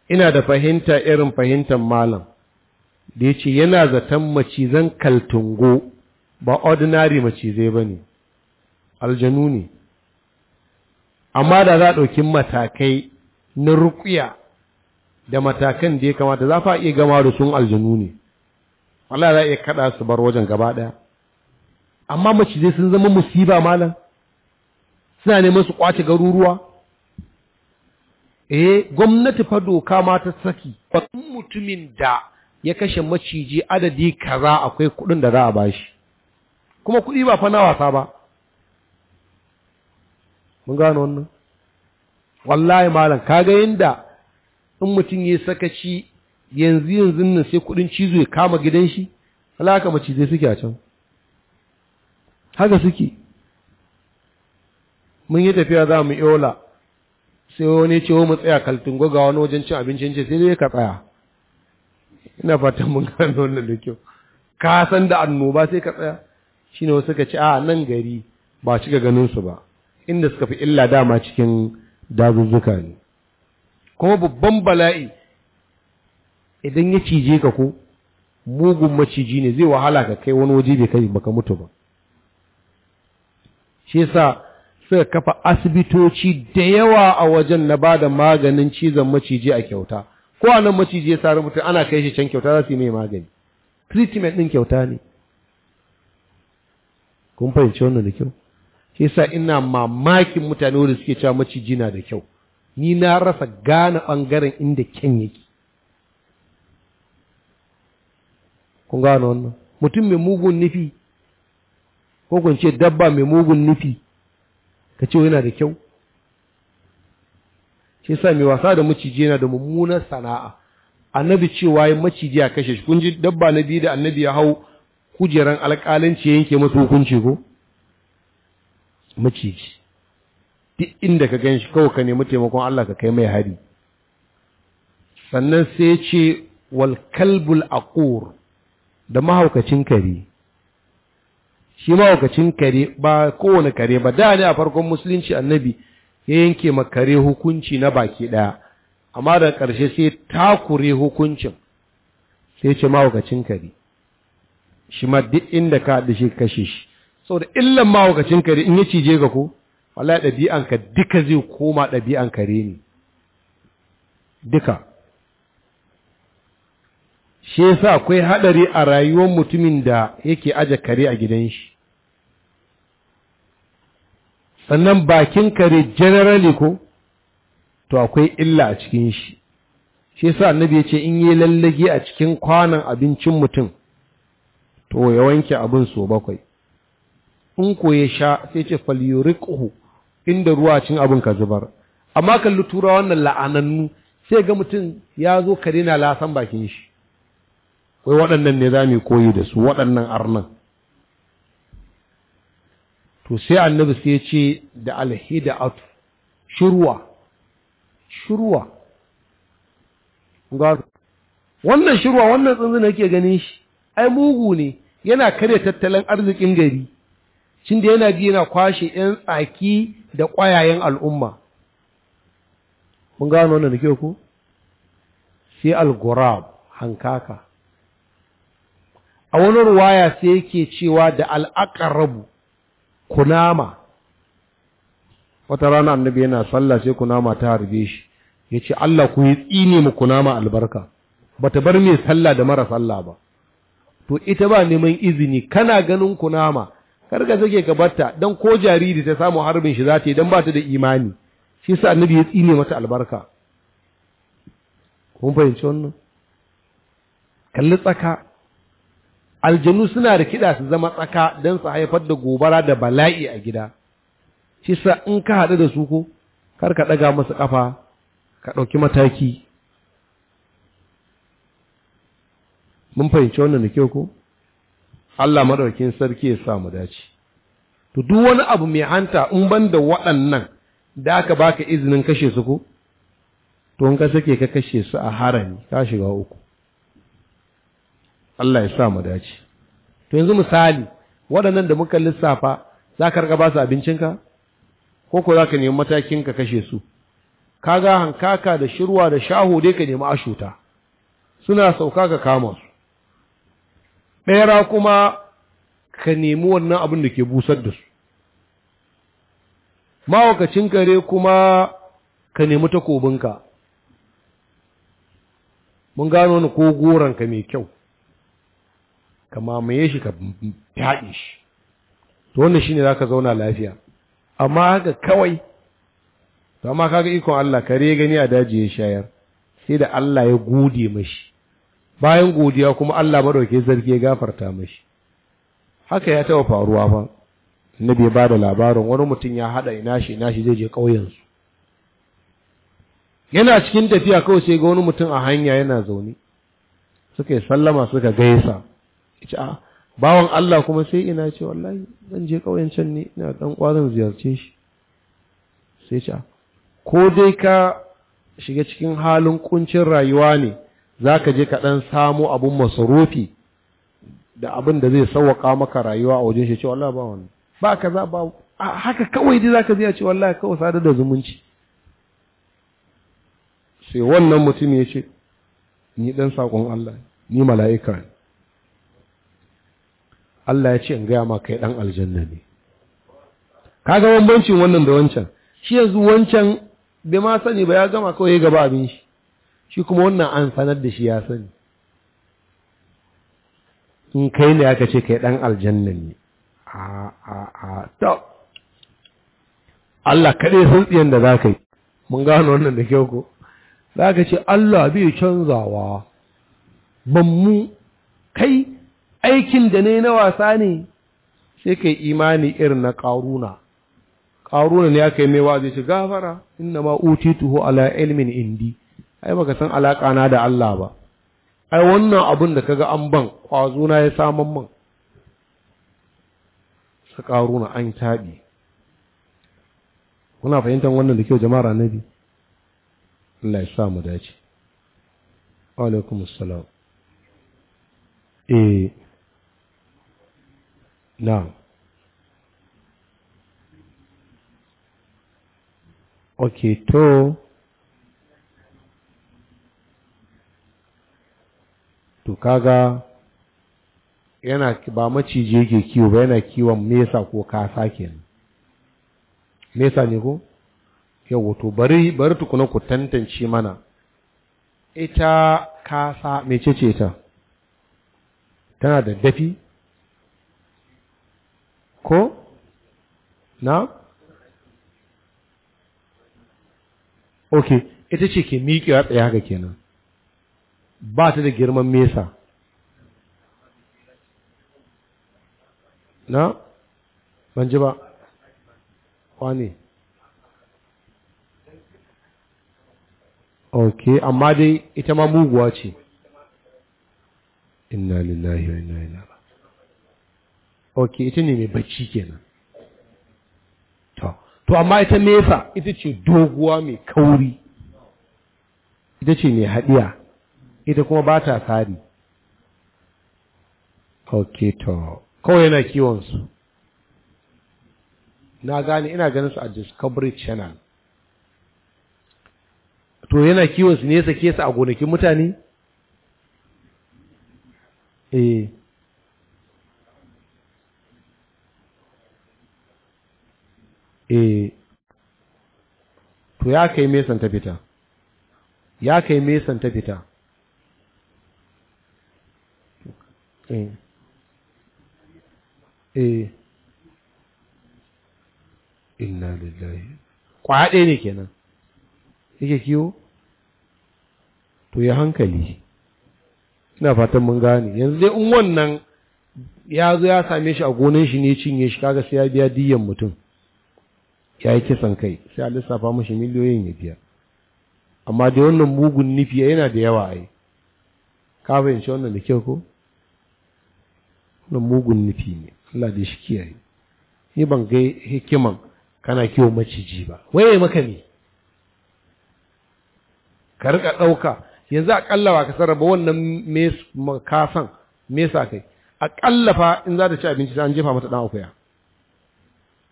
ina da fahimta irin fahimtar malam da ya ce yana zaton macizan kaltungu, ba ordinary macizai ba ne aljanu ne amma da za a ɗauki matakai na rukuya da matakan da ya kamata za fa iya gama da sun aljanu ne Allah za iya kada su bar wajen gaba daya amma macizai sun zama musiba malam suna neman su kwace garuruwa eh gwamnati fa doka ma ta saki ba mutumin da ya kashe maciji adadi kaza akwai kuɗin da za a bashi kuma kuɗi ba fa na wasa ba mun gano wannan wallahi malam kaga yinda in mutum ya sakaci yanzu yanzu nan sai kudin cizo ya kama gidan shi alaka zai suke a can haka suke mun yi tafiya za mu yola sai wani ce mu tsaya kaltun goga wani wajen cin abincin ce sai dai ka tsaya ina fatan mun gano wannan da kyau ka san da annoba sai ka tsaya shine wasu suka ci a nan gari ba cika ganin su ba inda suka fi illa dama cikin dazuzzuka ne kuma babban bala'i idan ya cije ka ko mugun maciji ne zai wahala ka kai wani waje bai kai baka mutu ba shi yasa suka kafa asibitoci da yawa a wajen na bada maganin cizon maciji a kyauta ko a nan maciji ya sari mutum ana kai shi can kyauta za su yi mai magani treatment ɗin kyauta ne kun fahimci wannan da kyau shi yasa ina mamakin mutane wanda suke cewa maciji na da kyau ni na rasa gane ɓangaren inda kyan yake kun gane wannan mutum mai mugun nufi ko kun ce dabba mai mugun nufi ka ce yana da kyau shi sa mai wasa da maciji yana da mummunar sana'a annabi cewa ya maciji a kashe shi kun ji dabba na biyu da annabi ya hau kujeran alƙalanci yanke masu hukunci ko maciji duk inda ka gan shi kawai ka nemi taimakon Allah ka kai mai hari sannan sai ce wal kalbul aqur da mahaukacin kare shi mahaukacin kare ba kowane kare ba da ne a farkon musulunci annabi ya yanke ma kare hukunci na baki ɗaya amma da ƙarshe sai takure hukuncin sai ce mahaukacin kare shi ma duk inda ka haɗu shi kashe shi saboda illan mahaukacin kare in ya cije ka ko wallahi ɗabi'anka duka zai koma ɗabi'an kare ne duka shi yasa akwai haɗari a rayuwar mutumin da yake aje kare a gidan shi sannan bakin kare generally ko to akwai illa a cikin shi shi yasa annabi ya ce in yi lallage a cikin kwanan abincin mutum to ya wanke abin so bakwai in ko ya sha sai ce falyuriquhu inda ruwa cin abin ka zubar amma kalli tura wannan la'anannu sai ga mutum ya zo kare na lasan bakin shi kai waɗannan ne za mu koyi da su waɗannan arnan to sai annabi sai ce da alhida'atu shirwa shirwa wannan shirwa wannan tsinzin yake ganin shi ai mugu ne yana kare tattalin arzikin gari cin da yana bi kwashe 'yan tsaki da ƙwayayen al'umma mun gano wannan nake ke ku sai al-gurab hankaka a wani ruwaya sai yake cewa da al'akarabu kunama wata rana annabi yana sallah sai kunama ta harbe shi ya ce Allah ku yi tsine mu kunama albarka ba ta bar mai sallah da mara sallah ba to ita ba neman izini kana ganin kunama karka sake ka batta dan ko jariri ta samu harbin shi za ta yi dan ba ta da imani shi sa annabi ya tsine mata albarka kun fahimci wannan kalli tsaka aljanu suna da kiɗa su zama tsaka don su haifar da gobara da bala'i a gida shi sa in ka haɗu da su ko kar ka ɗaga masu ƙafa ka ɗauki mataki mun fahimci wannan da kyau ko Allah madaukin sarki ya sa mu dace to duk wani abu mai hanta in ban da waɗannan da aka baka izinin kashe su ko to in ka sake ka kashe su a harami ka shiga uku Allah ya sa mu dace to yanzu misali waɗannan da muka lissafa za ka riga ba su abincinka ko ko za ka nemi matakin ka kashe su ka ga hankaka da shirwa da shaho dai ka nemi ashuta suna sauka ka kama su bera kuma ka nemi wannan abin da ke busar da su mawakacin kare kuma ka nemi takobinka mun gano ni ko goronka mai kyau ka mamaye shi ka fyaɗe shi to wannan shine zaka zauna lafiya amma haka kawai to amma kaga ikon Allah kare gani a daji ya shayar sai da Allah ya gode mashi bayan godiya kuma Allah madauke sarki ya gafarta mashi haka ya taɓa faruwa fa annabi ya bada labarin wani mutum ya hada ina shi ina shi zai je ƙauyensu su yana cikin tafiya kawai sai ga wani mutum a hanya yana zaune suka yi sallama suka gaisa ce a bawan Allah kuma sai ina ce wallahi zan je ƙauyen can ne ina dan ƙwarin ziyarce shi sai ce ko dai ka shiga cikin halin kuncin rayuwa ne za ka je ka ɗan samo abin masarufi da abin da zai sauwaƙa maka rayuwa a wajen shi ce wallahi ba wani ba ka za ba haka kawai dai za ka zai ce wallahi kawai sada da zumunci sai wannan mutum ya ce ni ɗan saƙon Allah ni mala'ika ne Allah ya ce in gaya ma kai ɗan aljanna ne kaga bambancin wannan da wancan shi yanzu wancan bai ma sani ba ya gama kawai gaba abin shi shi kuma wannan an sanar da shi ya sani in kai ne aka ce kai dan aljanna ne a a a to Allah kaɗai sun tsiyan da za ka yi mun gano wannan da kyau ko za ka ce Allah bai canzawa ban mu kai aikin da ne na wasa ne sai kai imani irin na ƙaruna ƙaruna ne aka yi mai wa zai ce gafara inna ma utituhu ala ilmin indi ai baka san alaka na da Allah ba ai wannan abin da kaga an ban kwazo na ya saman man su na an taɓi kuna fahimtar wannan da kyau jama'ar annabi Allah ya sa mu dace alaikum assalam eh na okay to to kaga yana ba maciji yake kiwo ba yana kiwon mesa ko kasa kenan mesa ne ko yau to bari bari tukuna ku tantance mana ita kasa mecece ta tana da dafi ko na ok ita ce ke miƙewa tsaye haka kenan ba ta da girman mesa na ban ji ba kwane ok amma dai ita ma muguwa ce inna lillahi wa inna ba ok ita ne mai bacci kenan to amma ita mesa ita ce doguwa mai kauri ita ce mai haɗiya ita kuma ba ta sari ok to kawai yana kiwonsu na gane ina ganin su a discovery channel to yana kiwonsu ne ya sake su a gonakin mutane E E. to ya kai mesan ta fita ya kai mesan ta fita eh, eh. lillahi kwaya ɗaya ne kenan yake kiwo to ya hankali ina fatan mun gane yanzu dai in wannan ya zo ya same shi a gonan shi ne cinye shi kaga sai ya biya diyan mutum ya yi kisan kai sai a lissafa mashi miliyoyin ya biya amma da wannan mugun nufi yana da yawa ai ka fahimci wannan da kyau ko wannan mugun nufi ne Allah da shi kiyaye ni ban ga hikiman kana kiwo maciji ba waye maka ne ka rika ɗauka yanzu a ƙallawa ka sarrafa wannan kasan me mesa kai A ƙallafa in za ta ci abinci ta an jefa mata ɗan akuya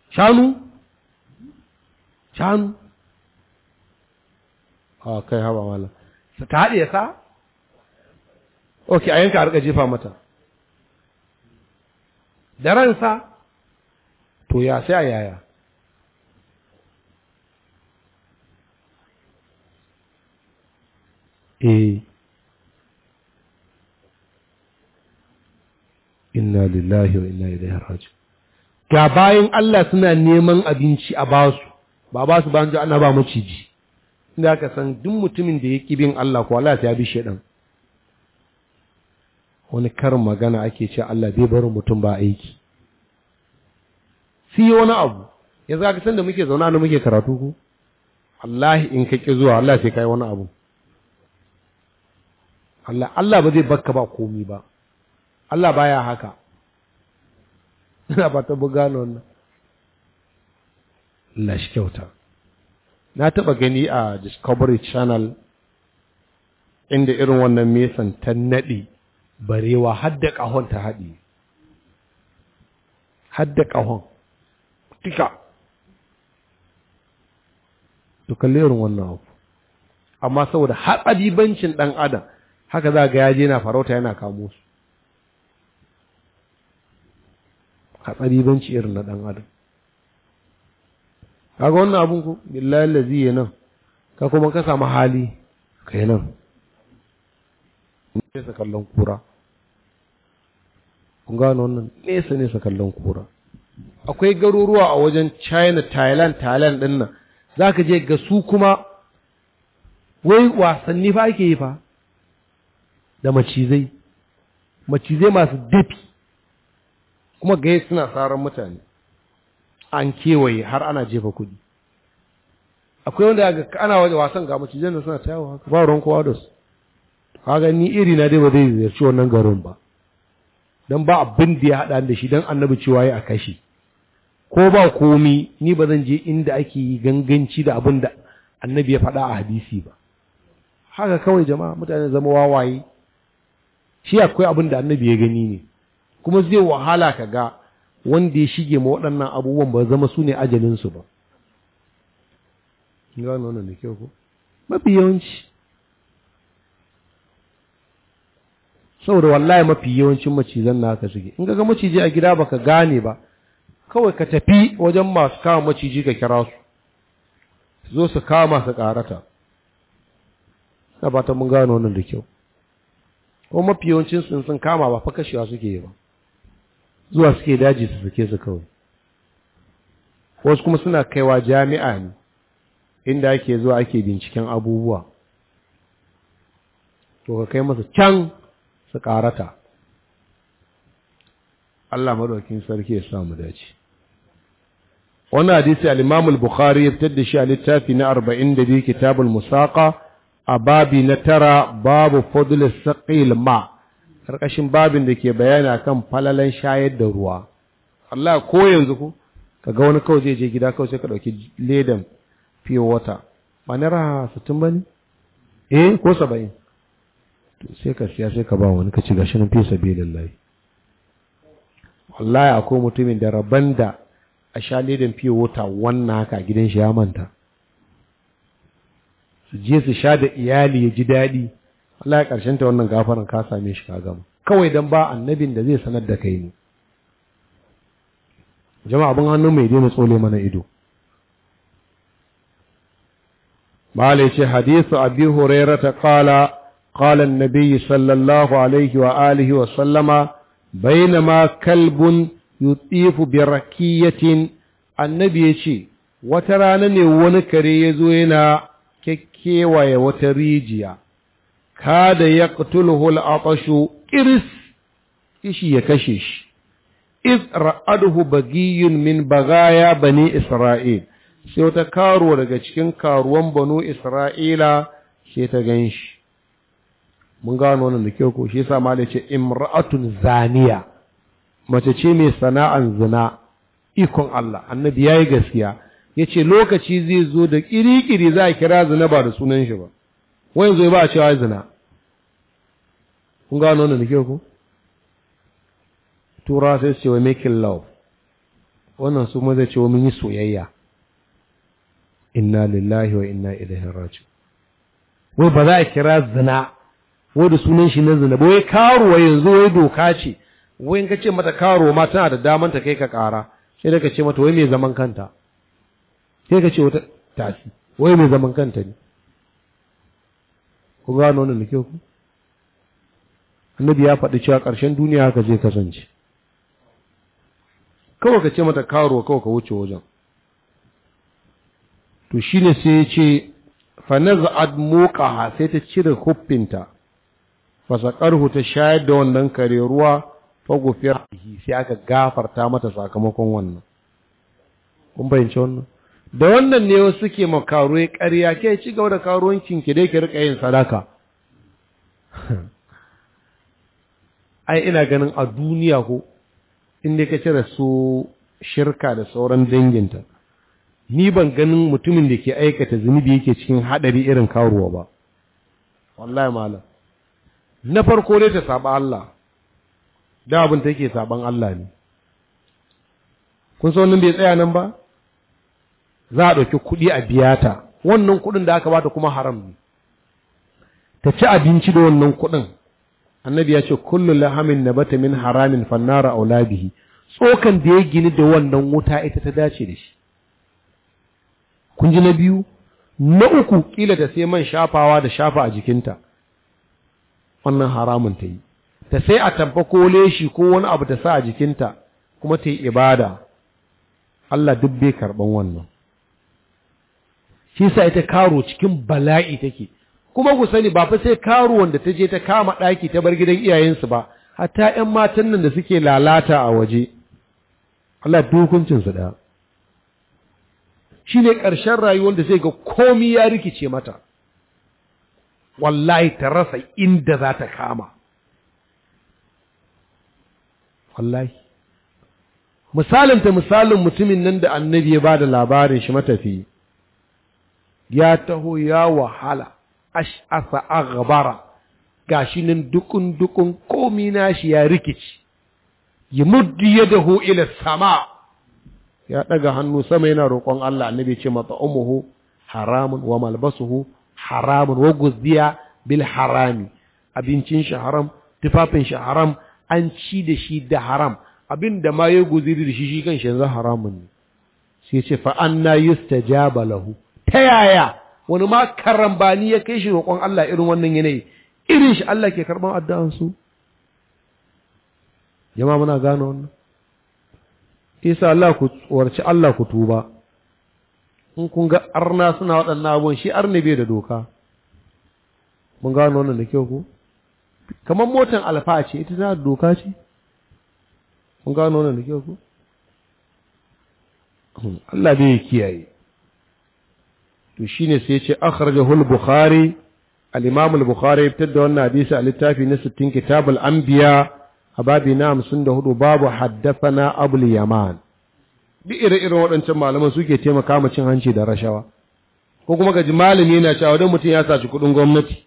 shanu shanu a kai haba wala ta haɗe sa ok a yanka a rika jefa mata da ransa to ya sai a yaya eh. inna lillahi wa inna ilaihi raji ga bayan Allah suna neman abinci a basu ba su ba ana ba maciji inda aka san duk mutumin da ya bin Allah ko Allah ya bi shedan wani karin magana ake ce Allah bai bar mutum ba aiki sai wani abu yanzu ka san da muke zauna da muke karatu ko wallahi in ka ki zuwa Allah sai kai wani abu Allah Allah ba zai bakka ba komi ba Allah baya haka ina ba ta buga wannan Allah shi kyauta na taba gani a Discovery Channel inda irin wannan mesan ta nadi barewa hadda ƙahon ta haɗe hadda ƙahon tika to kalli irin wannan abu amma saboda haɗabibancin ɗan adam haka za ga yaje na farauta yana kamo su haɗabibanci irin na ɗan adam kaga wannan abun ku billahi allazi ya nan ka kuma ka samu hali kai nan ne sa kallon kura kun gano wannan nesa nesa kallon kura akwai garuruwa a wajen china thailand thailand din nan za ka je ga su kuma wai wasanni fa ake yi fa da macizai macizai masu dafi kuma gaye suna tsaron mutane an kewaye har ana jefa kudi akwai wanda ga ana wasan ga macizai da suna tayawa ba ruwan kowa da su kaga ni iri na dai ba zai ziyarci wannan garin ba don ba abin da ya haɗa da shi don annabi cewa ya a kashi ko ba komi ni ba zan je inda ake yi ganganci da abin da annabi ya faɗa a hadisi ba haka kawai jama'a mutane zama wawaye shi akwai abin da annabi ya gani ne kuma zai wahala ka ga wanda ya shige ma waɗannan abubuwan ba zama su ne ajalinsu ba. Gano wannan da kyau ko? Mafi yawanci saboda wallahi mafi yawancin macizan na aka shige in ga maciji a gida baka gane ba kawai ka tafi wajen masu kama maciji ka kira su su zo su kama su karata na ba ta mun gano wannan da kyau ko mafi yawancin sun sun kama ba fa kashewa suke yi ba zuwa suke daji su suke su kawai wasu kuma suna kaiwa jami'a ne inda ake zuwa ake binciken abubuwa to ka kai masa can su ƙarata Allah maɗaukin sarki ya samu dace wani hadisi al bukhari ya fitar da shi a littafi na 42 kitabul musaqa a babi na tara babu fadl saqil ma karkashin babin da ke bayani kan falalan shayar da ruwa Allah ko yanzu ko kaga wani kawai zai je gida kawai sai ka dauki ledan pure water ba na raha tun bani? eh ko 70 sai ka siya sai ka ba wani ka ci gashi nan fi lallai wallahi akwai mutumin da rabban da a sha ledan fiye wata wannan haka gidan shi ya manta su je su sha da iyali ya ji daɗi Wallahi ƙarshen ta wannan gafaran ka same shi ka gama kawai don ba annabin da zai sanar da kai ne jama'a abin hannun mai daina tsole mana ido bala ce hadisu abi hurairata kala قال النبي صلى الله عليه وآله وسلم بينما كلب يطيف بركية النبي يشي وترانني ونكري يزوينا ككيوة وتريجيا كاد يقتله العطش إرس إشي يكشش إذ رأده بغي من بغايا بني إسرائيل سيوتا كارو لغا cikin karuwan banu Isra'ila sai ta mun gano wannan da kyau ko shi yasa malai ce imra'atun zaniya mace ce mai sana'an zina ikon Allah annabi yayi gaskiya yace lokaci zai zo da kirikiri za a kira zina ba da sunan shi ba wai zai ba a cewa zina kun gano wannan da kyau ko tura sai su ce wai making love wannan su maza ce wa mun yi soyayya inna lillahi wa inna ilaihi raji'un wai ba za a kira zina wai da sunan shi na zina wai karuwa yanzu wai doka ce wai ka ce mata karuwa ma tana da daman ta kai ka ƙara sai ka ce mata wai mai zaman kanta sai ka ce wata tafi wai mai zaman kanta ne ku gano wannan da ku annabi ya faɗi cewa ƙarshen duniya haka zai kasance kawai ka ce mata karuwa kawai ka wuce wajen to shine sai ya ce fa naz'ad muqaha sai ta cire huffinta fasakarhu ta shayar da wannan kare ruwa fa sai aka gafarta mata sakamakon wannan kun fahimci wannan da wannan ne wasu ke ma ya ƙarya ke ci gaba da karuwancin ki dai ki rika yin sadaka ai ina ganin a duniya ko in dai ka cire su shirka da sauran danginta ni ban ganin mutumin da ke aikata zunubi yake cikin haɗari irin karuwa ba wallahi malam na farko dai ta saba Allah da abin take saban Allah ne kun san wannan bai tsaya nan ba za a ɗauki kuɗi a biya ta wannan kuɗin da aka bata kuma haram ne ta ci abinci da wannan kuɗin annabi ya ce kullu lahamin nabata min haramin fannara aula bihi tsokan da ya gini da wannan wuta ita ta dace da shi kun ji na biyu na uku kila ta sai man shafawa da shafa a jikinta wannan haramun ta yi ta sai a tamfa ko leshi ko wani abu ta sa a jikinta kuma ta yi ibada Allah duk bai karɓan wannan shi sa ita karo cikin bala'i take kuma ku sani ba fa sai karo wanda ta je ta kama ɗaki ta bar gidan iyayensu ba hatta ƴan matan nan da suke lalata a waje Allah su ɗaya shi ne ƙarshen rayuwar da zai ga komi ya rikice mata wallahi ta rasa inda za ta kama wallahi misalin ta misalin mutumin nan da annabi ya ba da labarin shi matafi ya taho ya wahala ash'asa aghbara gashi nan dukun dukun komi nashi ya rikici ya muddi yadahu ila sama ya daga hannu sama yana roƙon Allah annabi ce mata umuhu haramun wa malbasuhu haramun wa bil harami abincin shi haram tufafin shi haram an ci da shi da haram abin da ma ya guziri da shi shi kan shi zan haramun ne sai ce fa anna yustajaba lahu ta yaya wani ma karambani ya kai shi roƙon Allah irin wannan yanayi irin shi Allah ke karɓar addu'an su jama'a muna gano wannan isa Allah ku warci Allah ku tuba in kun ga arna suna waɗannan abubuwan shi arna bai da doka mun gano wannan da kyau ko kamar motan alfa ce ita tana da doka ce mun gano wannan da kyau ko Allah bai kiyaye to shine sai ya ce akhrajahu al-bukhari al-imam al-bukhari ya fitar da wannan hadisi a littafi na 60 kitab al-anbiya a babi na 54 babu haddathana abul yaman duk ire-iren waɗancan malaman suke taimaka ma cin hanci da rashawa ko kuma gaji malami yana cewa don mutum ya saci kuɗin gwamnati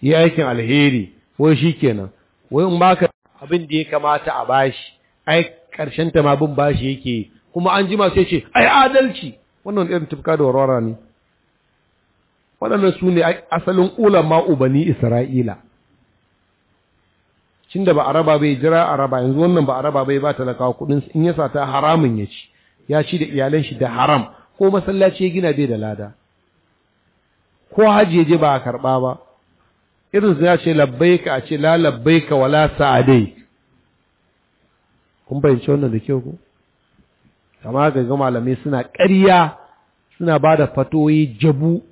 yi aikin alheri wai shi kenan wai in baka abin da ya kamata a bashi ai ƙarshen ta ma bin bashi yake kuma an jima sai ce ai adalci wannan irin tufka da warwara ne waɗannan su ne asalin ulama ubani isra'ila cin da ba araba bai jira araba yanzu wannan ba araba bai ba talakawa kuɗin in ya sa ta haramun ya ci ya ci da iyalan shi da haram ko masallaci ya gina bai da lada ko haji je ba a karba ba irin su ya ce labbaika a ce la labbaika wala sa'adai kun bayyance wannan da kyau ko kama ga ga malamai suna ƙarya suna ba da fatoyi jabu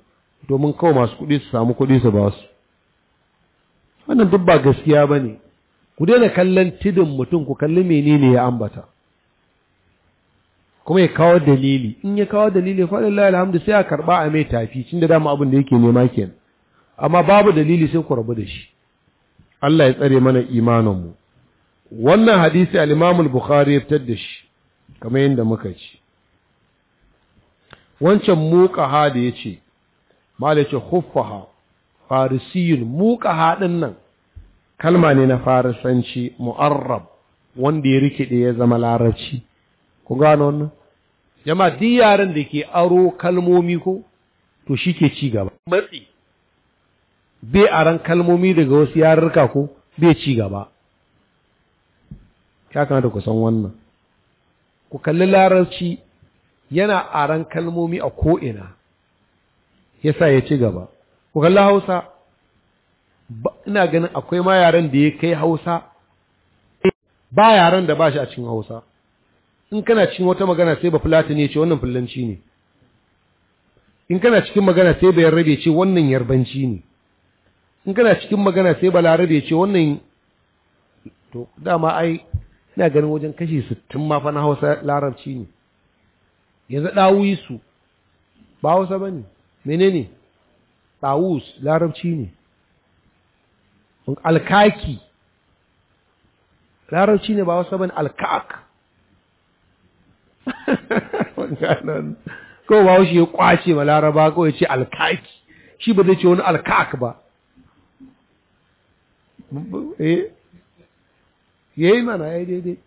domin kawai masu kuɗi su samu kuɗi su ba su wannan duk ba gaskiya ba ne ku daina kallon tidin mutum ku kalli menene ya ambata kuma ya kawo dalili in ya kawo dalili fa lillahi alhamdu sai a karba a mai tafi tun da dama abin da yake nema kenan amma babu dalili sai ku rabu da shi Allah ya tsare mana imanin mu wannan hadisi al-Imam al-Bukhari ya fitar da shi kamar yadda muka ci wancan muqaha da yace malaka khuffaha farisiyun muqaha din nan kalma ne na farisanci mu'arrab wanda ya rikide ya zama larabci kun gano wannan jama'a duk yaran da ke aro kalmomi ko to shi ke ci gaba matsi bai aran kalmomi daga wasu yarurka ko bai ci gaba ya kamata ku san wannan ku kalli larabci yana aran kalmomi a ko'ina yasa ya ci gaba ku kalli hausa ina ganin akwai ma yaren da ya kai hausa ba yaren da ba shi a cikin hausa in kana cikin wata magana sai ba fulata ne ce wannan fulanci ne in kana cikin magana sai ba yarrabe ce wannan yarbanci ne in kana cikin magana sai ba larabe ce wannan to dama ai ina ganin wajen kashi sittin ma fa na hausa larabci ne yanzu ɗawuyi su ba hausa ba ne menene ɗawus larabci ne alkaki larabci ne ba hausa ba ne alkaki ko ba shi ya kwace ma laraba ko ya ce alkaki shi ba zai ce wani alkak ba eh yayi mana yi daidai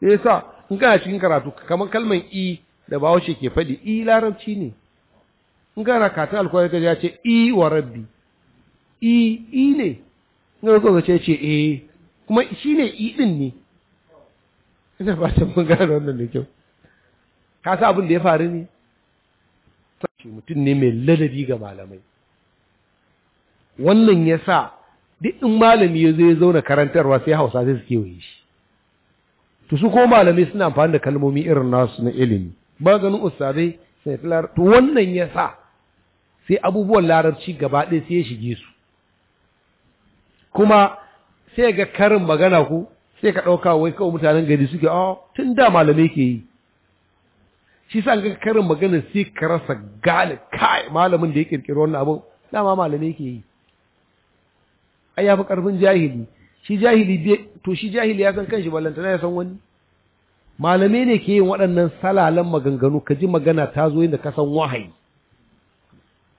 yasa in kana cikin karatu kamar kalmar i da bahaushe ke faɗi i larabci ne in kana katin alkwari ka ya ce i wa rabbi i i ne in ka ce ce eh kuma shi ne i din ne ina ba ta mun gane wannan da kyau ka sa abin da ya faru ne mutum ne mai ladabi ga malamai wannan ya sa duk in malami ya zo ya zauna karantarwa sai hausa zai suke kewaye shi to su ko malamai suna amfani da kalmomi irin nasu na ilimi ba ganin ustazai sai to wannan ya sa sai abubuwan larabci gaba ɗaya sai ya shige su kuma sai ga karin magana ku sai ka ɗauka wai kawai mutanen gari suke a ah, tun da malamai ke yi shi sa ga karin magana sai ka rasa gane kai malamin da ya kirkiri wannan abin dama malamai ke yi ai fi karfin jahili shi jahili bai to shi jahili ya san kanshi ballantana ya san wani malamai ne ke yin waɗannan salalan maganganu ka ji magana ta zo inda ka san wahayi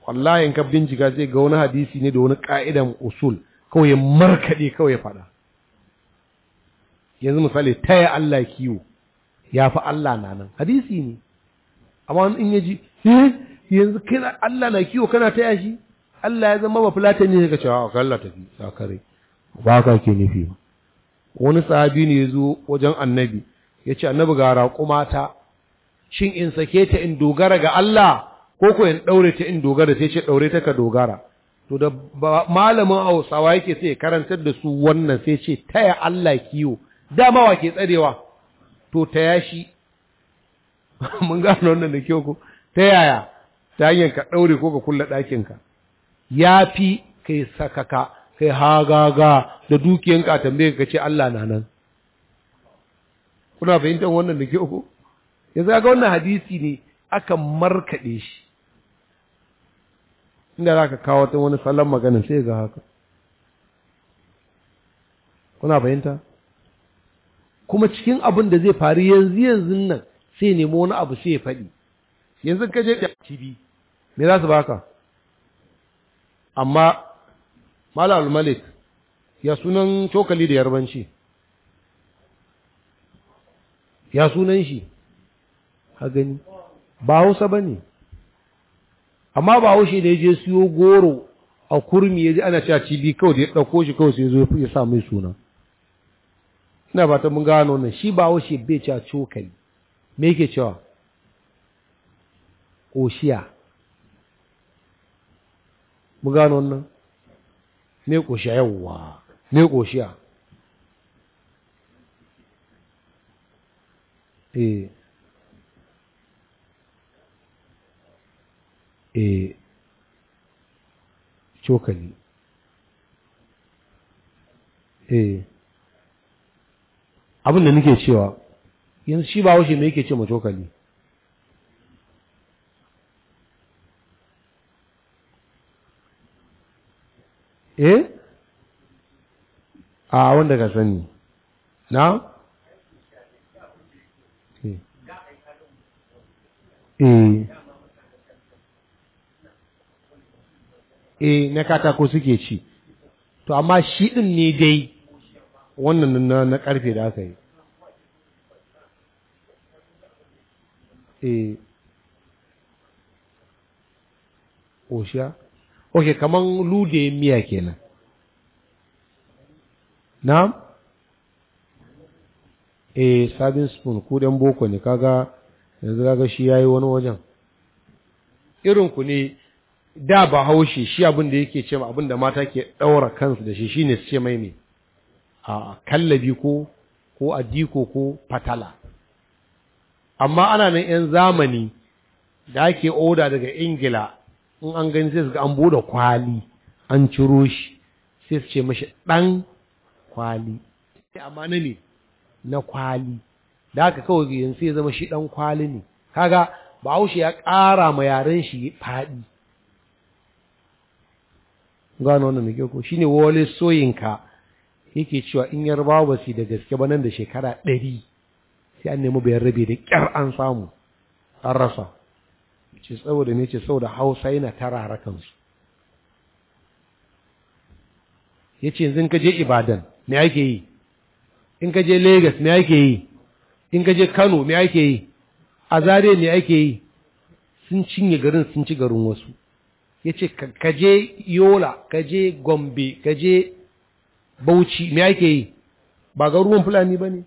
wallahi in ka bincika zai ga wani hadisi ne da wani ka'idan usul kawai markade markaɗe kawai ya faɗa yanzu misali taya Allah kiwo ya fi Allah na nan hadisi ne amma in yaji eh, yanzu kana Allah na kiwo kana ta yashi Allah ya zama ba bafulatan ne ka cewa ah, ka Allah tafi sakare ba ka ke nufi ba wani sahabi ne ya zo wajen annabi ya ce annabi ga raƙuma ta shin in sake ta in dogara ga Allah ko ko in ɗaure ta in dogara sai ce ɗaure ta ka dogara to da malamin hausawa yake sai karantar da su wannan sai ce taya Allah kiwo dama wa ke tsarewa to ta yashi mun gano wannan da kyau ko ta yaya ta hanyar ka ɗaure ko ka kulla ɗakinka ya fi kai sakaka kai hagaga da dukiyanka a tambaye ka ce Allah na nan kuna fahimtar wannan da kyau ko za ga wannan hadisi ne aka markaɗe shi inda za ka kawo ta wani salon magana sai ga haka kuna fahimta kuma cikin abin da zai faru yanzu yanzu nan sai nemo wani abu sai ya faɗi yanzu ka je da TV me za su baka amma malal malik ya sunan cokali da yarbanci ya sunan shi ha gani ba hausa ba ne amma ba Hausa ne ya je siyo goro a kurmi yaji ana cewa cibi kawai da ya ɗauko shi kawai sai zo ya sa mai suna ina ba ta mun gano nan shi ba Hausa bai cewa cokali me yake cewa ƙoshiya mu gano wannan me ƙoshiya yawwa me ƙoshiya eh eh cokali eh abin da nake cewa yanzu shi ba wushe me yake ce ma cokali eh a wanda ka sani na eh. eh eh na katako suke ci to amma shi din ne dai wannan na karfe da aka yi eh osha oke kaman lude miya kenan na. eh sabin spoon ku boko ne kaga yanzu kaga shi yayi wani wajen irin ku ne da ba shi abin da yake ce abin mata ke ɗaura kansu da shi shine su ce mai ne a kallabi ko ko adiko ko fatala amma ana nan yan zamani da ake oda daga ingila in an gani sai su ga an bude kwali an ciro shi sai su ce mashi ɗan kwali amma na ne na kwali da aka kawai yanzu ya zama shi ɗan kwali ne kaga ba bahaushe ya ƙara ma yaren shi faɗi gano wannan nake ko shine wale soyinka yake cewa in yarbawa ba su da gaske ba nan da shekara ɗari sai an nemi bayan rabe da kyar an samu an rasa ce saboda ne ce saboda hausa yana tara kansu. ya ce yanzu in ka je ibadan me ake yi in ka je lagos me ake yi in ka je kano me ake yi a zare me ake yi sun cinye garin sun ci garin wasu ya ce ka je yola ka je gombe ka je bauchi me ake yi ba ga ruwan fulani ba ne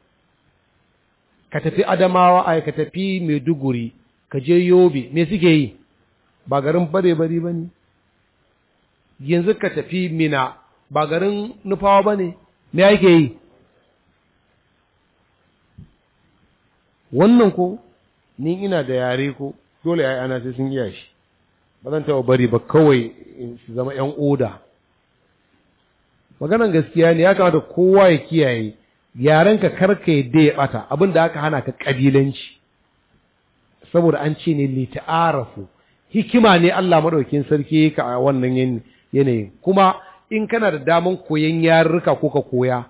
ka tafi adamawa ai ka tafi maiduguri ka je yobe me suke yi ba garin bare bari ba ne yanzu ka tafi mina ba garin nufawa ba ne me ake yi wannan ko ni ina da yare ko dole ya ana sai sun iya shi ba zan taɓa bari ba kawai su zama ‘yan oda maganan gaskiya ne ya kamata kowa ya kiyaye yarenka karka ya ya bata abin da aka hana ka kabilanci saboda an ce ne lita'arafu hikima ne Allah maɗaukin sarki ka a wannan yanayin kuma in kana da daman koyan yarurruka ko ka koya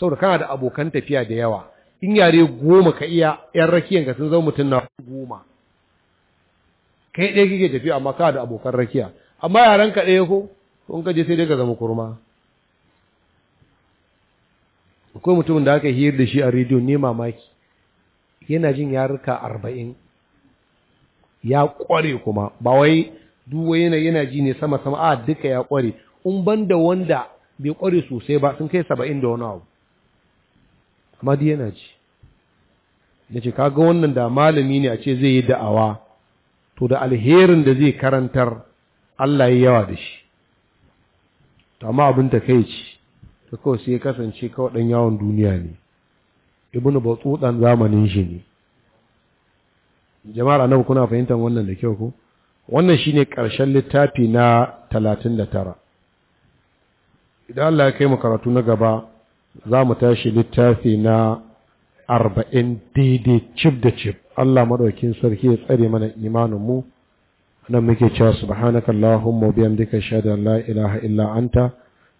saboda kana da abokan tafiya da yawa in yare goma ka iya yan rakiyan ka sun zama mutum na goma kai ɗaya kike tafiya amma kana da abokan rakiya amma yaran ka ɗaya ko in ka je sai dai ka zama kurma akwai mutumin da aka hiyar da shi a rediyo ne mamaki yana jin yaruka arba'in ya kware kuma ba wai duwa yana yana ji ne sama sama a duka ya kware in ban da wanda bai kware sosai ba sun kai saba'in da wani abu amma dai yana ji da ce kaga wannan da malami ne a ce zai yi da'awa to da alherin da zai karantar Allah ya yawa da shi Ta ma abin ta kai ta kawai sai ya kasance kawai ɗan yawon duniya ne ibn batsutan zamanin shi ne jama'ar annabi kuna fahimtar wannan da kyau ko wannan shine ƙarshen littafi na talatin da tara idan Allah ya kai mu karatu na gaba za mu tashi littafi na arba'in daidai cif da cif Allah maɗaukin sarki ya tsare mana imanin mu nan muke cewa subhanakallahumma wa bihamdika ashhadu an la ilaha illa anta